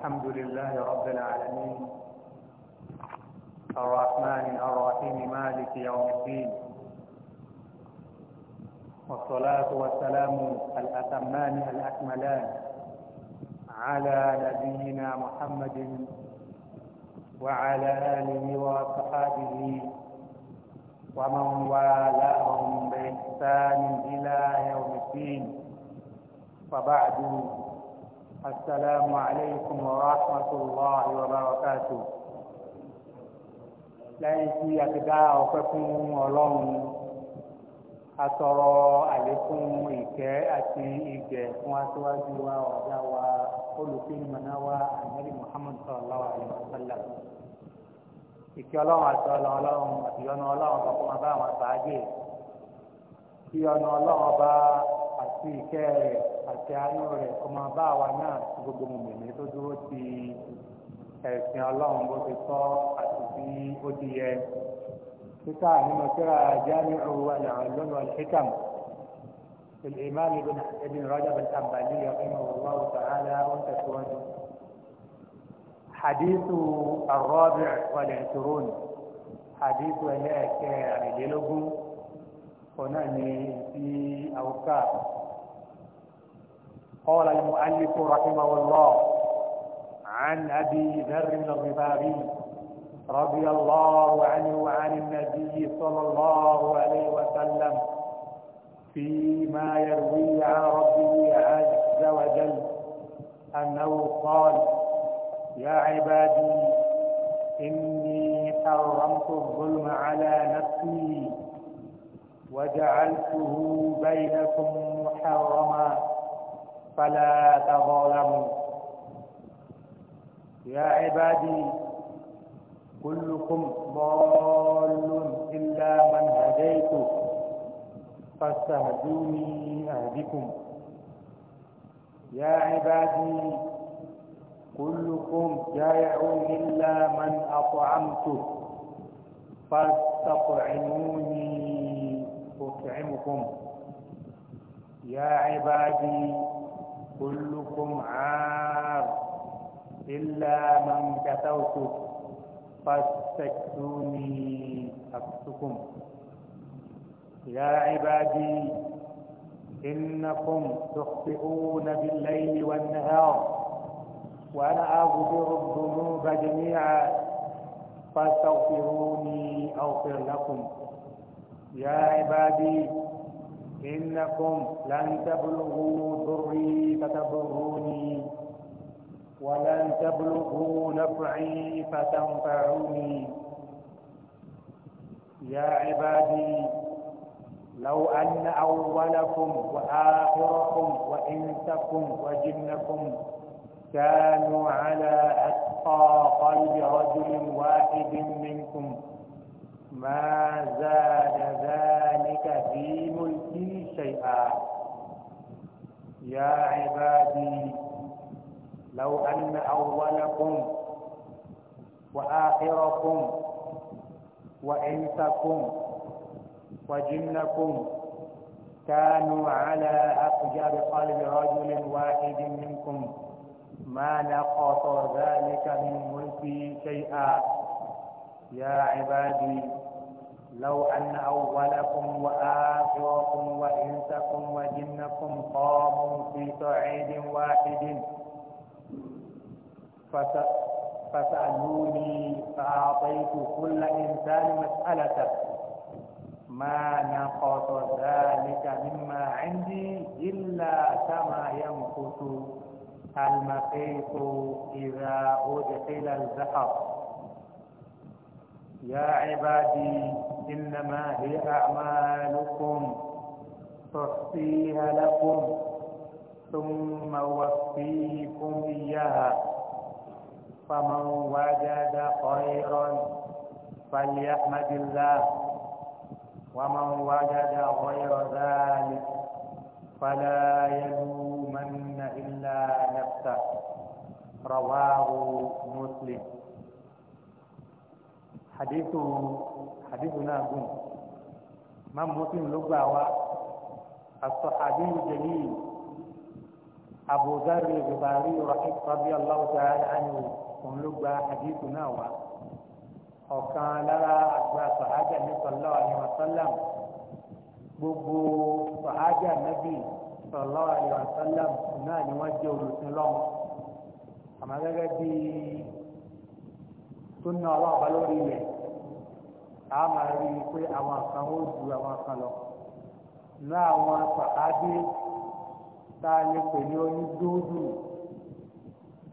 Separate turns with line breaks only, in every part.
الحمد لله رب العالمين الرحمن الرحيم مالك يوم الدين والصلاة والسلام الأتمان الأكملان على نبينا محمد وعلى آله وصحبه ومن والاهم بإحسان إلى يوم الدين وبعد السلام عليكم ورحمة الله وبركاته lẹ́yìn tí a ti dá ọpẹ́ fún ọlọ́run a tọrọ àlékún ìkẹ́ àti ìgẹ̀ fún aṣíwájú wa ọ̀gá wa olùfínmọ̀nà wa àmẹ́rì muhammad sallallahu alayhi wa sallam ìkẹ́ ọlọ́run àti ọlọ́run àti ọ̀nà ọlọ́run bàbá wọn bá wọn bàájẹ́ kí ọ̀nà ọlọ́run bá àti ìkẹ́ rẹ̀ àti àánú rẹ̀ kó máa bá àwa náà tí gbogbo mòmìnì tó dúró ti ẹ̀sìn ọlọ́run bó ti tọ́ àti bí ó ti yẹ. títà nínú síra Jami'u al-Ulum wal-Hikam الإمام ابن ابن رجب الحنبلي رحمه الله تعالى وانت حديث الرابع والعشرون حديث لا كان للغو ونعني في ti قال المؤلف رحمه الله عن أبي ذر الغفاري رضي الله عنه وعن النبي صلى الله عليه وسلم فيما يروي عن ربه عز وجل أنه قال يا عبادي إني حرمت الظلم على نفسي جعلته بينكم محرما فلا تظالموا يا عبادي كلكم ضال إلا من هديته فاستهدوني أهدكم يا عبادي كلكم جائع إلا من أطعمته فاستطعموني لكم يا عبادي كلكم عار إلا من كتوت فاستكتوني أكتكم يا عبادي إنكم تخطئون بالليل والنهار وأنا أغفر الذنوب جميعا فاستغفروني أغفر لكم يا عبادي إنكم لن تبلغوا ضري فتضروني ولن تبلغوا نفعي فتنفعوني يا عبادي لو أن أولكم وآخركم وإنسكم وجنكم كانوا على أتقى قلب رجل واحد منكم ما زاد ذلك في ملك شيئا يا عبادي لو أن أولكم وآخركم وإنسكم وجنكم كانوا على أفجار قلب رجل واحد منكم ما نقص ذلك من ملكي شيئا يا عبادي لو أن أولكم وآخركم وإنسكم وجنكم قاموا في صعيد واحد فسألوني فأعطيت كل إنسان مسألته ما نقص ذلك مما عندي إلا كما ينقص المقيت إذا أدخل الزحف يا عبادي إنما هي أعمالكم تحصيها لكم ثم أوفيكم إياها فمن وجد خيرا فليحمد الله ومن وجد غير ذلك فلا يلومن إلا نفسه رواه مسلم hadithu hadithu náà gùn máa Muslim ló gbà wá as-sahabi al-jalil Abu Dharr al-Ghifari radiyallahu ta'ala anhu òun ló gba hadithu náà wá ọ̀kan lára àgbà sàhájà ní sallallahu alaihi wasallam gbogbo sàhájà Nabi sallallahu alaihi wasallam náà ni wọ́n jẹ́ olùsìn lọ́wọ́ àmọ́ bíi tó ná ọlọ́ọ̀bá lórí ilẹ̀ a máa rí i pé àwọn kan ó ju àwọn kan lọ ní àwọn pàkádé tá a lè pè ní onídóódù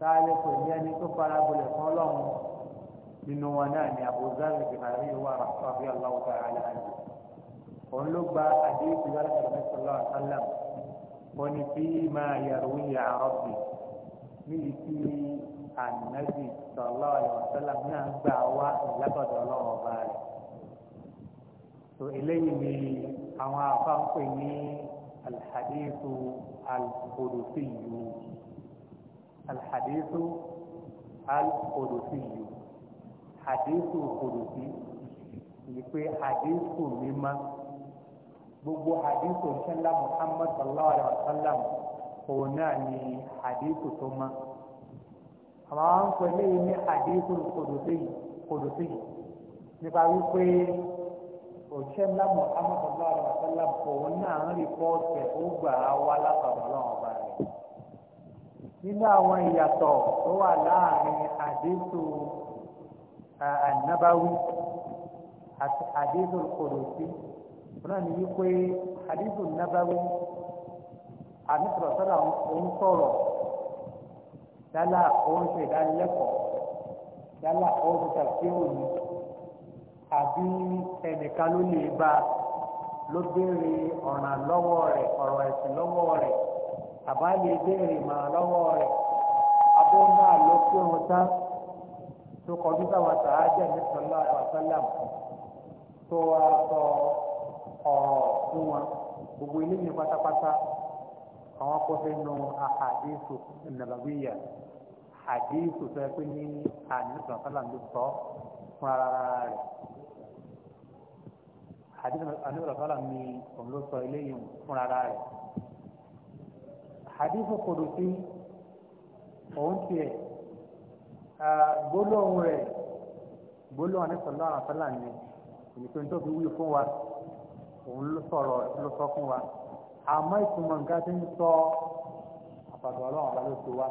tá a lè pè ní ẹni tó farabalẹ̀ fún ọlọ́run nínú wọn náà ni àbúzárì ìgbàlódé wà rásítọ́ọ̀bì aláwọ̀ tó ara rẹ̀ òun ló gba àdéhùn ìgbàlódé ìgbàlódé sọlá àtàlẹ́m wọn fi máa yàrá yà rọ́bì níbi tí ànábì sọlá àlẹ́ wàsálàm náà gbà wá ìlábọ̀dọ̀ ọlọ́run ọba rẹ̀ so eléyìí ni àwọn afáǹpẹ ní alhadithu alqudusiyyu alhadithu alqudusiyyu hadithu qudusi yìí pé hadithu mímá gbogbo hadithu ṣẹlá muhammad sallallahu alaihi wa sallam òun náà ni hadithu tó má àwọn afáǹpẹ eléyìí ní hadithu qudusi nípa wípé òṣìṣẹ́ ńlá Muhammad sallallahu alaihi wa sallam òun náà ń rìpọ́ọ̀tì ẹ̀ ó gbà á wá látọ̀dọ̀ ọlọ́run ọba rẹ̀ nínú àwọn ìyàtọ̀ tó wà láàrin àdéhùn ànábáwí àti àdéhùn kòlòsí náà ní wípé àdéhùn nábáwí àmísọ̀rọ̀ sọ́dà òun sọ̀rọ̀ yálà òun ṣe ìdánilẹ́kọ̀ọ́ yálà òun ṣe ṣàfihàn àbí ẹnìkan ló lè bá ló béèrè ọ̀ràn lọ́wọ́ rẹ̀ ọ̀rọ̀ ẹ̀sìn lọ́wọ́ rẹ̀ àbá lè béèrè ìmọ̀ràn lọ́wọ́ rẹ̀ abó náà ló kírun tán tó kọjú sáwọn sàájẹ́ ní sọlá àwàsálàm tó wá sọ ọ̀rọ̀ fún wọn gbogbo eléyìí pátápátá àwọn kó fẹ́ nu àhàdíìsù nàbàwíyà àdíìsù fẹ́ pé ní àníṣàn ló àdúgbò rọ̀sọ́lá mi òun ló sọ eléyìí fúnra rẹ̀ àdúgbò kòdù sí òun tiẹ̀ gbólóhùn rẹ̀ gbólóhùn àníṣọ́lá àṣọ́lá ni ìnìkan tó fi wí fún wa òun ló sọ̀rọ̀ ló sọ fún wa àmọ́ ìtumọ̀ nǹkan tí ń sọ àpàdé ọlọ́run ọba ló ti wá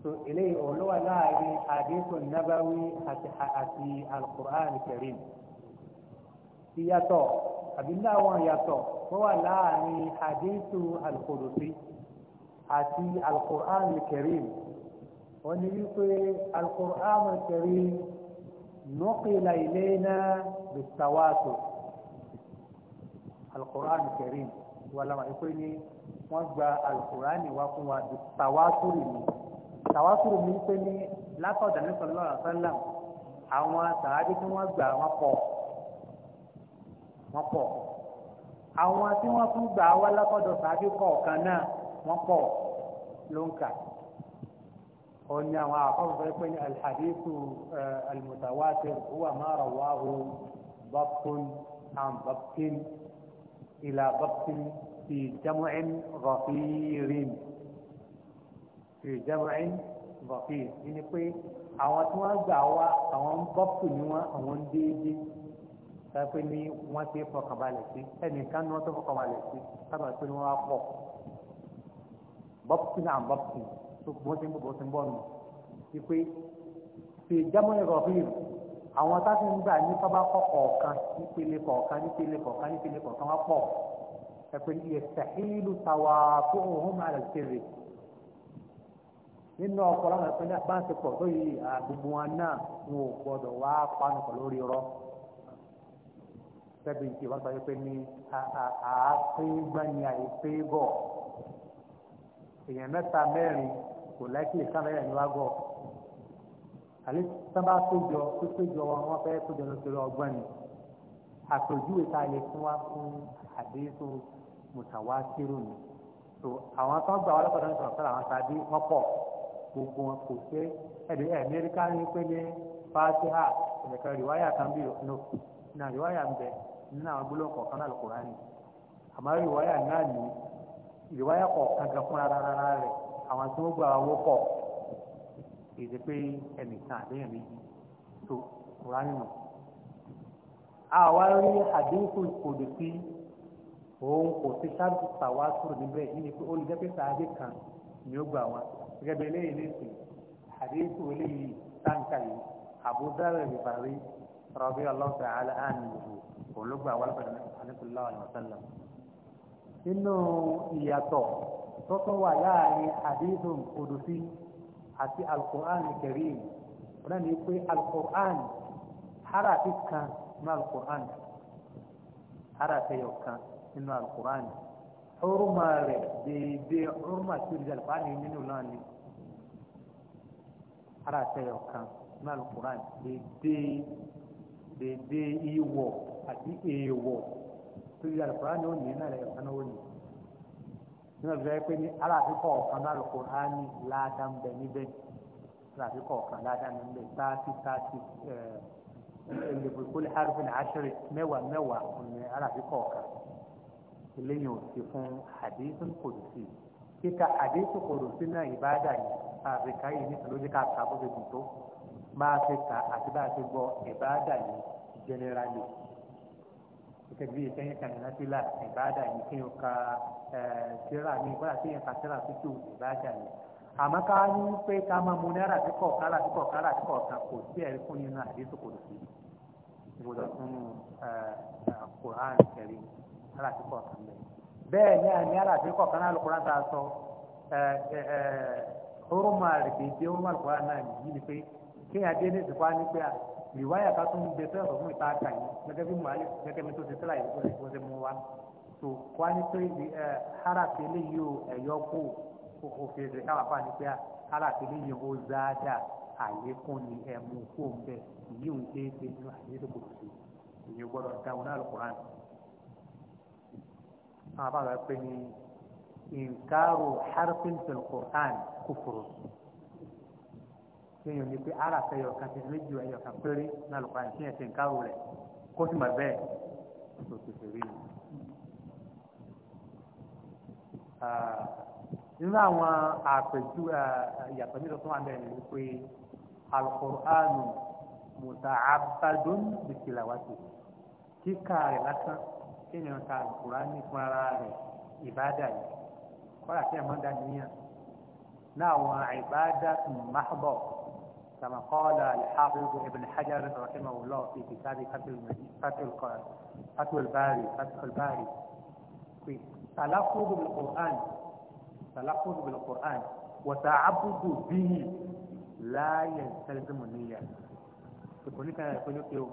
so eléyìí òun ló wà láàrin àdéhùn nábàáwí àti àti alukur'an kẹrin ìyàtọ̀ àbí láwọn ìyàtọ̀ tó wà láàrin hadithu al-Qudusi àti al-Qur'an al-Karim wọ́n ní wípé al-Qur'an al-Karim nukila ilayna bitawatur al-Qur'an al-Karim wà láwọn ìpè ní wọ́n gba al-Qur'an wá fún wa bitawatur ni tàwátúrò mi pé ní látọ̀dà ní sọ̀rọ̀ lọ́rọ̀ àwọn sàádé tí wọ́n gbà wọ́n pọ̀ wọ́n pọ̀ àwọn tí wọ́n tún gbà wá lọ́kọ̀dọ̀ sáájú kọ̀ọ̀kan náà wọ́n pọ̀ ló ń kà òun ni àwọn àkọ́kọ́ pé ní alhadithu almutawatir huwa ma rawahu babtun an babtin ila babtin fi jam'in ghafirin fi jam'in ghafirin ni pé àwọn tí wọ́n gbà wá àwọn bọ́pù ni wọ́n àwọn déédéé sáfẹ́ ní wọ́n ti fọkànbalẹ̀ sí ẹnìkan ní wọ́n tó fọkànbalẹ̀ sí sábà pé ní wọ́n á pọ̀ bọ́pùtì náà bọ́pùtì tó bó ti ń bọ̀ bó ti ń bọ̀ nù wípé ṣe jámọ́ ẹ̀rọ fíìm àwọn táfi ń gbà ní sábà kọ́ kọ̀ọ̀kan nípele kọ̀ọ̀kan nípele kọ̀ọ̀kan nípele kọ̀ọ̀kan wá pọ̀ ẹ̀pẹ́ ní ìyẹ̀sàhílù tàwa tó òun máa rẹ̀ ṣe rè nínú ọ̀pọ̀lọpọ̀ ẹ̀pẹ́ ní àbáṣepọ̀ tó yìí àgbègbè wọn náà wọn ò gbọdọ̀ wá panu pọ̀ lórí rọ́ọ̀ sẹ́bìntì wọ́n sọ pé ní àápégbani àìpégọ̀ èèyàn mẹ́ta mẹ́rin kò láìkí ìsàmẹ́rẹ̀ níwágọ̀ àlẹ́ sábà péjọ tó péjọ wọn wọ́n fẹ́ péjọ lókèrè ọgbọ́n ni àpèjúwe tá a lè fún wa fún àdéhùn mùtàwátírù ni so àwọn tó ń gbà wọ́n lọ́kọ̀ọ́ sọ̀rọ̀ sọ̀rọ̀ àwọn sábà wọ́n pọ̀ gbogbo wọn kò ṣe ẹ̀dẹ̀ ẹ̀mẹ́ríkà ní pé ní fásihà ẹ̀ẹ̀kan rìwáyà kan bí no na rìwáyà ń bẹ nínú àwọn gbólóhùn kọ̀ọ̀kan náà Al-Qur'ani àmọ́ ìwáyà náà ní ìwáyà kọ̀ọ̀kan gan fúnra rárá rẹ̀ àwọn tí wọ́n gba owó pọ̀ èdè pé ẹnìkan àbẹ́yẹn méjì tó Kùránì nù. àwa rí àdínkù ìkòdè sí òun kò sí sábì pàwá sùrù níbẹ̀ níbi pé olùjẹ́ pé sàádé kan ni ó gbà wọn gẹ́gẹ́ bí eléyìí lẹ́sìn àdínkù eléyìí táǹkà yìí Abu Dharr al-Ghifari radiyallahu ta'ala anhu òun ló gba àwọn alẹ́kùnlá àwọn ìwọ̀sánlá nínú ìyàtọ̀ tó tún wà láàrin àdéhùn òdòsí àti alukur'an karim wọn náà ní pé alukur'an harafi kan nínú alukur'an harafi yọ kan nínú alukur'an huruma rẹ̀ déédéé huruma tí o di alukur'an nínú náà ni harafi yọ kan nínú alukur'an déédéé dèdè ìwọ̀ àti èèwọ̀ tó yẹ àlùkòrán ni ó ní náà lẹ́yìn ọ̀kan náà ó ní. nínú ìfẹ́ pé ní aláàfin kọ̀ọ̀kan náà àlùkòrán ní ládàá ń bẹ níbẹ̀ aláàfin kọ̀ọ̀kan ládàá ń bẹ táàtì táàtì ẹ̀ẹ́dẹ̀gbẹ̀ kó lè hárùfẹ́ ní àṣírí mẹ́wàá mẹ́wàá ní aláàfin kọ̀ọ̀kan eléyìí ò sí fún àdéhùn kòdùsí kíka àdéhùn kòdùsí náà ìbáàdà ní àfíkà yìí nítorí ká máa ṣe kà àti bá a ṣe gbọ́ ìbáàdà ní jẹnẹrali gẹ́gẹ́ bí ìṣẹ́yìn kan nínú fílà ìbáàdà ní kí n ka tíra ní kódà tí yẹn ka tíra tútù ìbáàdà ní. àmọ́ ká ní pé ká máa mu náírà tí kọ̀ kára tí kọ̀ kára tí kọ̀ kan kò sí ẹ̀rí fún nínú àdéhùn kò sí ìbùdó fún Quran kẹrì kára tí kọ̀ kan bẹ́ẹ̀. bẹ́ẹ̀ ni àní àlàfé kọ̀ kan náà lókùnrin ta sọ ọrùn máa rèé dé ọrùn máa lókùnrin náà kéèyàn dé ní ìsìnkú á ní pé à rìwáyà ká tún bẹ sọ̀rọ̀ fún ìta àgbà yìí gẹ́gẹ́ bí mùhálí gẹ́gẹ́ bí tó ti sílà yìí tó ti mú wa tó kó á ní pé ẹ háràfẹ́ eléyìí o ẹ̀yọ́ kó o fi rè káwá fún àní pé à háràfẹ́ eléyìí o záádà àlékún ni ẹ̀ mú kó o bẹ̀ èyí ò ṣe é ṣe nínú àdéhùn kò sí èyí gbọ́dọ̀ dáhùn náà lọ́kùnrin. àwọn àbá pé ní Qur'an kúfùrù kéèyàn ní pé ara fẹ́ yọ̀ọ̀kan ti méjì ẹ̀yọ̀kan péré náà lùpàá ní kéèyàn ti ń kárò rẹ̀ kó sì mọ̀ bẹ́ẹ̀ tó ti fi rí ni. Ah, nínú àwọn àpèjú ah, ìyàtọ̀ nílò tó wà ń bẹ̀rẹ̀ ni wípé alukóránù mùtàábàdún bìtìlàwàtì kíkà rẹ̀ lásán kéèyàn ka alukóránì fún ara rẹ̀ ìbáàdà yìí kọ́ra kí ẹ̀ mọ́ dá níyàn náà àwọn ìbáàdà máa bọ̀. كما قال الحافظ ابن حجر رحمه الله في كتاب فتح فتح الباري فتح الباري تلفظ بالقرآن تلفظ بالقرآن وتعبد به لا يستلزم النية تقولي كان يقول لك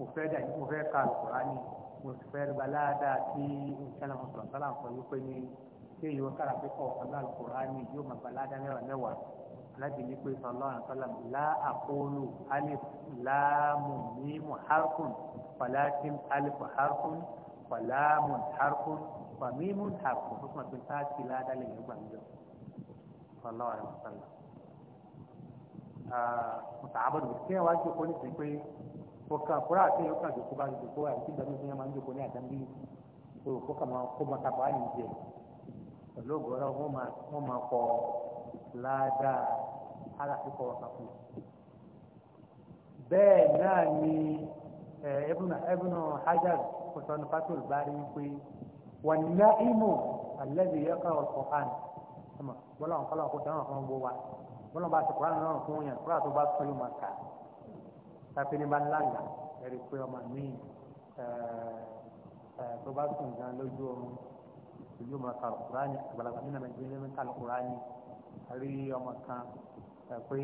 مفيدة مفيدة القرآن مفيدة بلادة في إن شاء الله صلى الله عليه وسلم يقول لك كي يوكر في القرآن يوم بلادة نوى نوى anábì ní pé sọlá àṣàlám láàkóòlù alif láàmù mímù harfun falakim alif harfun falamun harfun famimun harfun ó túnmọ̀ pé táàkì ládàlẹ̀ yẹn gbà níjọ sọlá àṣàlám. mùsàábọ̀dù kí wọ́n wá jókòó ní sí pé kókà fúra àti yóò kàn jókòó bá jókòó àti ìgbàlódé yẹn máa ń jókòó ní àdámbí kókà máa kó mọ́ta bá jẹ pẹ̀lú ògbọ́n wọn máa kọ́ ládàá aláfikọ̀ wàkàkùn bẹ́ẹ̀ náà ni ẹbùnà hajar kòsànù fatul bari wípé wà ní ìmù alẹ́bí yẹ́kọ̀ ọ̀kọ̀hán ọmọ bọ́lá wọn kọ́lá ọkọ̀ dáhùn ọ̀kan gbọ́ wa bọ́lá wọn bá ti kọ́ra náà fún yàn kúrò àti bá sọ́yún máa kà tàbí ní bá ń lálà ẹ̀rí pé ọmọ mi tó bá sùn gan lójú oorun ìlú máa kà àgbàlagbà nínú ẹ̀mẹ́jì ní ẹ̀mẹ́ta lọ́kùnrin rí ọmọ kan pé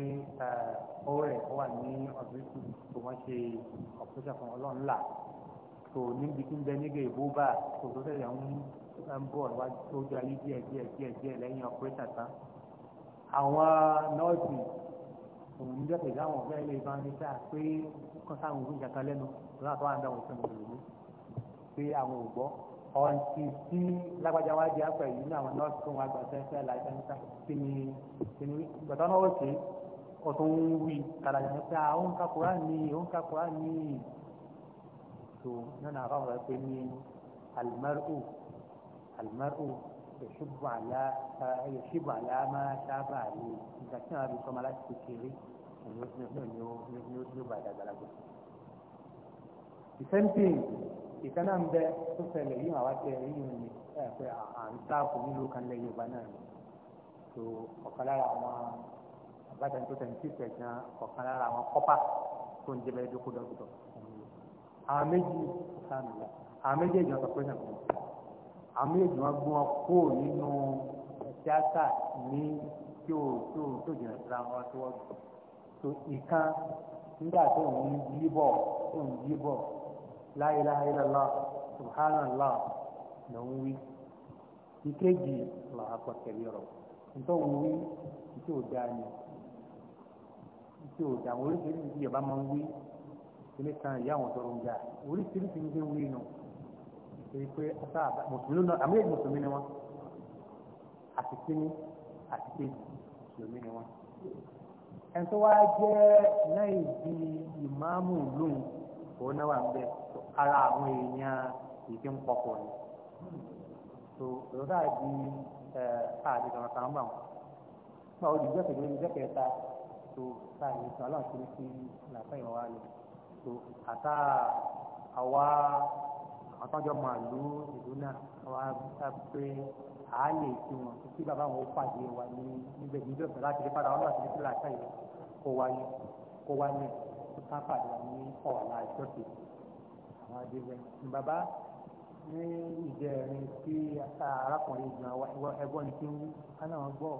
ọwọ́ rẹ̀ wà ní ọ̀sibítù tó wọ́n ṣe ọ̀pẹ́sẹ̀ fún ọlọ́run là tó níbi tí ń bẹ nígbà èbó bá tó tó tẹ̀lé ń bọ̀ wájú tó jẹ́ ayé díẹ̀ díẹ̀ díẹ̀ díẹ̀ lẹ́yìn ọ̀pẹ́sẹ̀ tán àwọn nọ́ọ̀sì òun ń jẹ́pẹ̀ láwọn ọ̀fẹ́ ilé ìbá ní sáà pé kọ́sáwọn òun ìjàkan lẹ́nu lọ́nà tó wà ń dáwọn ìfẹ́ lòlú pé àwọn ò gbọ́ ọ̀ǹtì tí lágbájá wá di apẹ̀ yìí ní àwọn nọ́ọ̀sì tó wọn àgbà sẹ́sẹ́ láìsẹ́ńsá kí ni kí ni gbọ̀dọ̀ náà ó ṣe ó tún ń wí kàdàjà ní pé àwọn ń kakura ní òun kakura ní tó nínú àwọn ọ̀rọ̀ pé ní alimaru alimaru yòṣìbù àlá má ṣáàbà àlè ìgbà tí wọn bí sọmọ láti kékeré ní ó ní ó ní ó bàdàgbàlagbà. the same thing ìkànnà ń bẹ tó ṣẹlẹ̀ yìí màá wá tẹ yìí ní ẹ pé à ń táàpù nílùú kan lẹ yorùbá náà ni tó ọ̀kan lára àwọn àbájáde tó tẹ̀sí tẹ̀sán ọ̀kan lára àwọn kọ́pà tó ń jẹ́bẹ̀rẹ́ dókó dọ́kítọ̀ àwọn méjì sàmìlà àwọn méjèèjì wọn sọ pé nàkó àwọn méjèèjì wọn gbọ́n kó nínú tíátà ní tí ò tó tó jìnnà síra wọn tó wọ́n tó ìkan nígbà tó ń yí bọ̀ tó ń yí bọ̀ la ilaha illallah subhanallah ló ń wí ìkejì Allahu akbar kabira nítorí wí ò dáa ni ò dáa máa ń wí ilé kan ìyá tọrọ ń ní wí nù pé mùsùlùmí mùsùlùmí ni mùsùlùmí ni jẹ́ náà ìdí ìmáàmù lóhùn náà wà ń ara àwọn èèyàn ìfi ń pọpọ ni so lọ́dà di káàdì kan kan gbà wọn nígbà wo di jẹ́kẹ̀ẹ́ lórí jẹ́kẹ̀ẹ́ káàdì kan aláwọ̀ kiri sí làpá ìwọ̀n wa lọ so àtà àwa àtọ́jọ́ màálù ìlú náà àwa pé à á wọn kí bàbá wọn ó pàdé wa ní níbẹ̀ níbẹ̀ pẹ̀lú àti ìpadà wọn láti fi làkà yìí kó wáyé kó wáyé tó ká pàdé wa ní ọ̀la ìjọ́sìn àwọn adébẹ bàbá ní ìjẹrin tí arákùnrin ìgbìmọ̀ ẹgbọ́n ti ń wú káná wọn gbọ́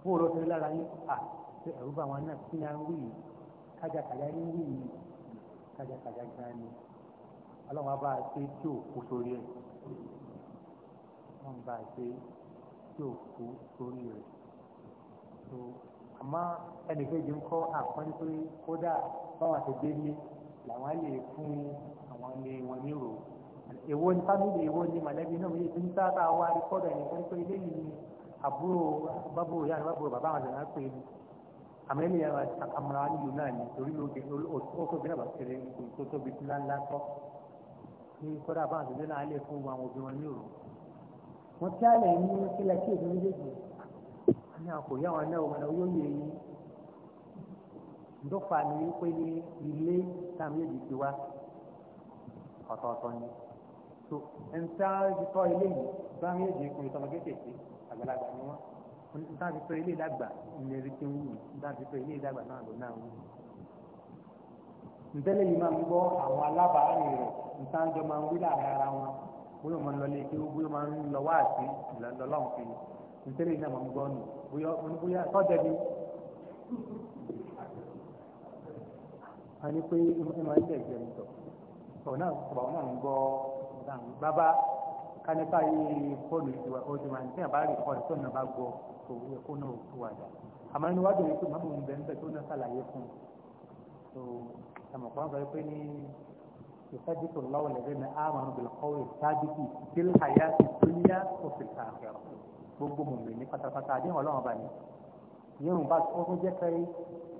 fún olóṣèlú lára yín à ṣe ẹ̀rú bá wọn náà kí ni à ń wí yìí kájàkájà ń wí yìí kájàkájà gan ni ọlọ́run á bá a ṣe tí ò kú sórí ẹ̀ ọlọ́run bá a ṣe tí ò kú sórí rẹ̀ tó àmọ́ ẹnìkejì ń kọ́ àpọ́npé kódà báwọn àti gbé ní làwọn á lè fún un ilé wọn ní rò èwo ní fámìlì èwo ní mọ̀lẹ́bí náà yìí ti ń sábà wá rí kọ́dọ̀ ẹni pé pé eléyìí ni àbúrò bábúrò yára bábúrò bàbá àwọn àgbà pé ni àmọ́ ẹni yàrá àmọ́ra nílùú náà ni torí lóde òtóbi náà bá ti rẹ tó tóbi tí láńlá kọ́ ní kọ́dọ̀ àbá àtúndé náà lè fún àwọn òbí wọn ní òru wọ́n tí a lè ní kílẹ̀ kí èdè méjèèjì ní àkòyá wọn náà wọn yóò yẹ yín ǹdọ́fà ni wípé ní ilé táwọn méjèèjì ti wá ọ̀tọ̀ọ̀tọ̀ ni tó ẹnta ti tọ́ ilé yìí bá ń yéjì ìkùnrin tọmọ kéékèèké àgbàlagbà ni wọ́n níta ti tọ́ ilé ìdàgbà ìmẹ̀rí ti ń wù níta ti tọ́ ilé ìdàgbà náà ló náà wù. ntẹ́lẹ̀ yìí máa ń gbọ́ àwọn alábàárìn rẹ̀ níta ń jọ máa ń wí láàrin ara wọn bóyá máa ń lọ léèké bóyá máa ń lọ wáàsí lọ́lọ́run fi ọ̀rọ̀ náà ọ̀rọ̀ náà ń gbọ́ bàbá kánípa yìí fóònù ìwà ojú ma nígbà bá rí ọ̀rẹ́ tó náà bá gbọ́ tó yẹ kó náà tó wà dà àmọ́ inú wájú yìí tó máa ń bẹ̀ ń bẹ̀ tó náà sàlàyé fún un tó àmọ̀pọ̀ wọn sọ pé ní ìfẹ́jú tó lọ́wọ́ lẹ́gbẹ́ ní àmọ́nù bìlọ́kọ́wé sábìkì tíl àyà ìtúnyà òfin àfẹ́rọ̀ gbogbo mòmí ní pátápátá àdéhùn ọlọ́run bá ní yóò bá tó jẹ́ pé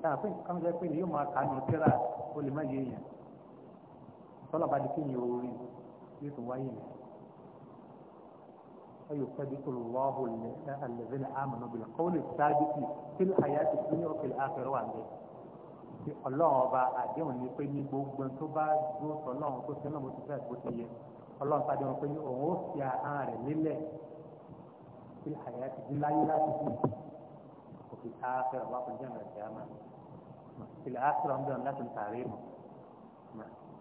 táwọn fún ìkànnì jẹ́ pé ní yóò máa kà á nù kíra ó lè má yé èèyàn tọ́lá bá di kí ni orí yóò tún wáyé yẹn ayò pẹ́bí olùwàhù alẹ́bí ní àmàlà bìlà kọ́ọ̀lì sábìtì tí àyà ti fi ní òkèlè àfẹ́rẹ́ wà ńbẹ. ti ọlọ́run ọba àdéhùn ni pé ní gbogbo tó bá dúró sọlọ́run tó sẹ́nà bó ti fẹ́ bó ti yẹ ọlọ́run sábẹ́ wọn pé ní òun ó fi ahọ́n rẹ̀ lélẹ̀ tí àyà ti di láyé láti fi òkè àfẹ́rẹ́ wà fún jẹ́ àmàlà ìlà àfẹ́rẹ́ wọn bẹ̀rẹ̀ láti ń tààrí mọ́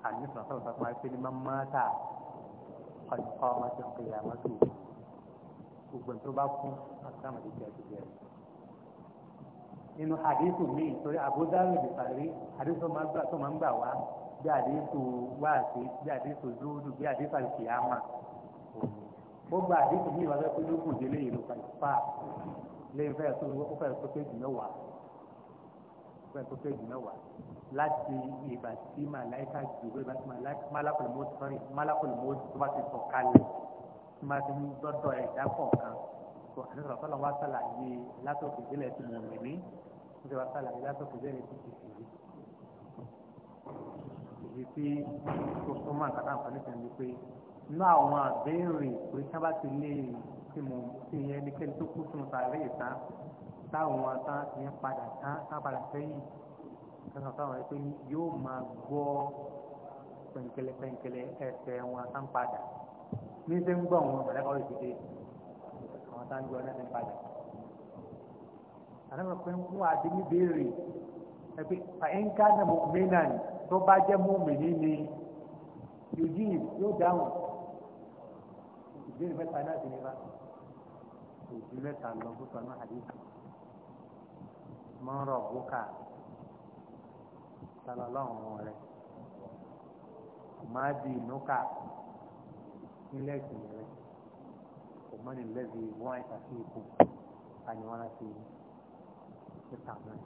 àní sọ̀rọ̀ sọ̀rọ̀ sọ̀rọ̀ pé ní máa ń mọ́ta ọ̀dùkọ́ ọmọ tó ń pè é àmọ́tò gbogbo tó bá kú àtàwọn ìdíje àtijọ́ rẹ̀. nínú àdéhùn míì torí àbúdáwì ìbìfàrí àdéhùn tó máa ń gbà wá bí àdéhùn wáàsí bí àdéhùn zúúdù bí àdéhùn àlùkìyàmà gbogbo àdéhùn míì wá fẹ́ pé ló gùn délé ìlú kàlùfà lẹ́yìn fẹ́ẹ̀ tó fẹ́ẹ̀ tó pé jù mẹ́wàá fún ẹ̀ tó fẹ́ jù mẹ́wàá láti ìgbà tí màláìka jùlọ ìgbà tí malakul mọ́tò sọ́rí malakul mọ́tò tó bá ti sọ kalẹ̀ tí máa ti ń dọ́dọ̀ ẹ̀dá kọ̀ọ̀kan tó àdéhùn sọ́lọ́ wá sàlàyé látòkè délẹ̀ tó mọ̀ mí ó ti wá sàlàyé látòkè délẹ̀ tó ti fi rí. èyí tí tó súnmọ́ nǹkan náà pẹ̀lú ìṣẹ̀lẹ̀ pé inú àwọn àbẹ́rẹ́ pé sábà ti lé tí mo ti yẹ ẹnikẹ́ni tó kú táwọn atán ti ń padà tán tán padà sẹ́yìn kankan fáwọn ẹgbẹ́ ní yóò máa gbọ́ pẹ̀nkẹlẹ pẹ̀nkẹlẹ ẹsẹ̀ wọn tán padà ní sẹ́ ń gbọ́ wọn mọ̀lẹ́kọ̀ lè dìde àwọn tán gbọ́ náà ń padà. àdàbọ̀ pé ń fún àdínní béèrè ẹgbẹ́ fàyínká náà mọ̀ mẹ́nàn tó bá jẹ́ mú mi níní eugene yóò dáhùn ìbéèrè mẹ́ta náà ti ní bá òbí mẹ́ta lọ fún sọ náà àdéhùn man rabbuka sàlọ́lọ́run rẹ̀ máa di ìnúkà nílẹ̀ ìsìn rẹ̀ kò mọ́ nílẹ̀ bí wọ́n àìsàkí ikú àníwọ́n láti títà náà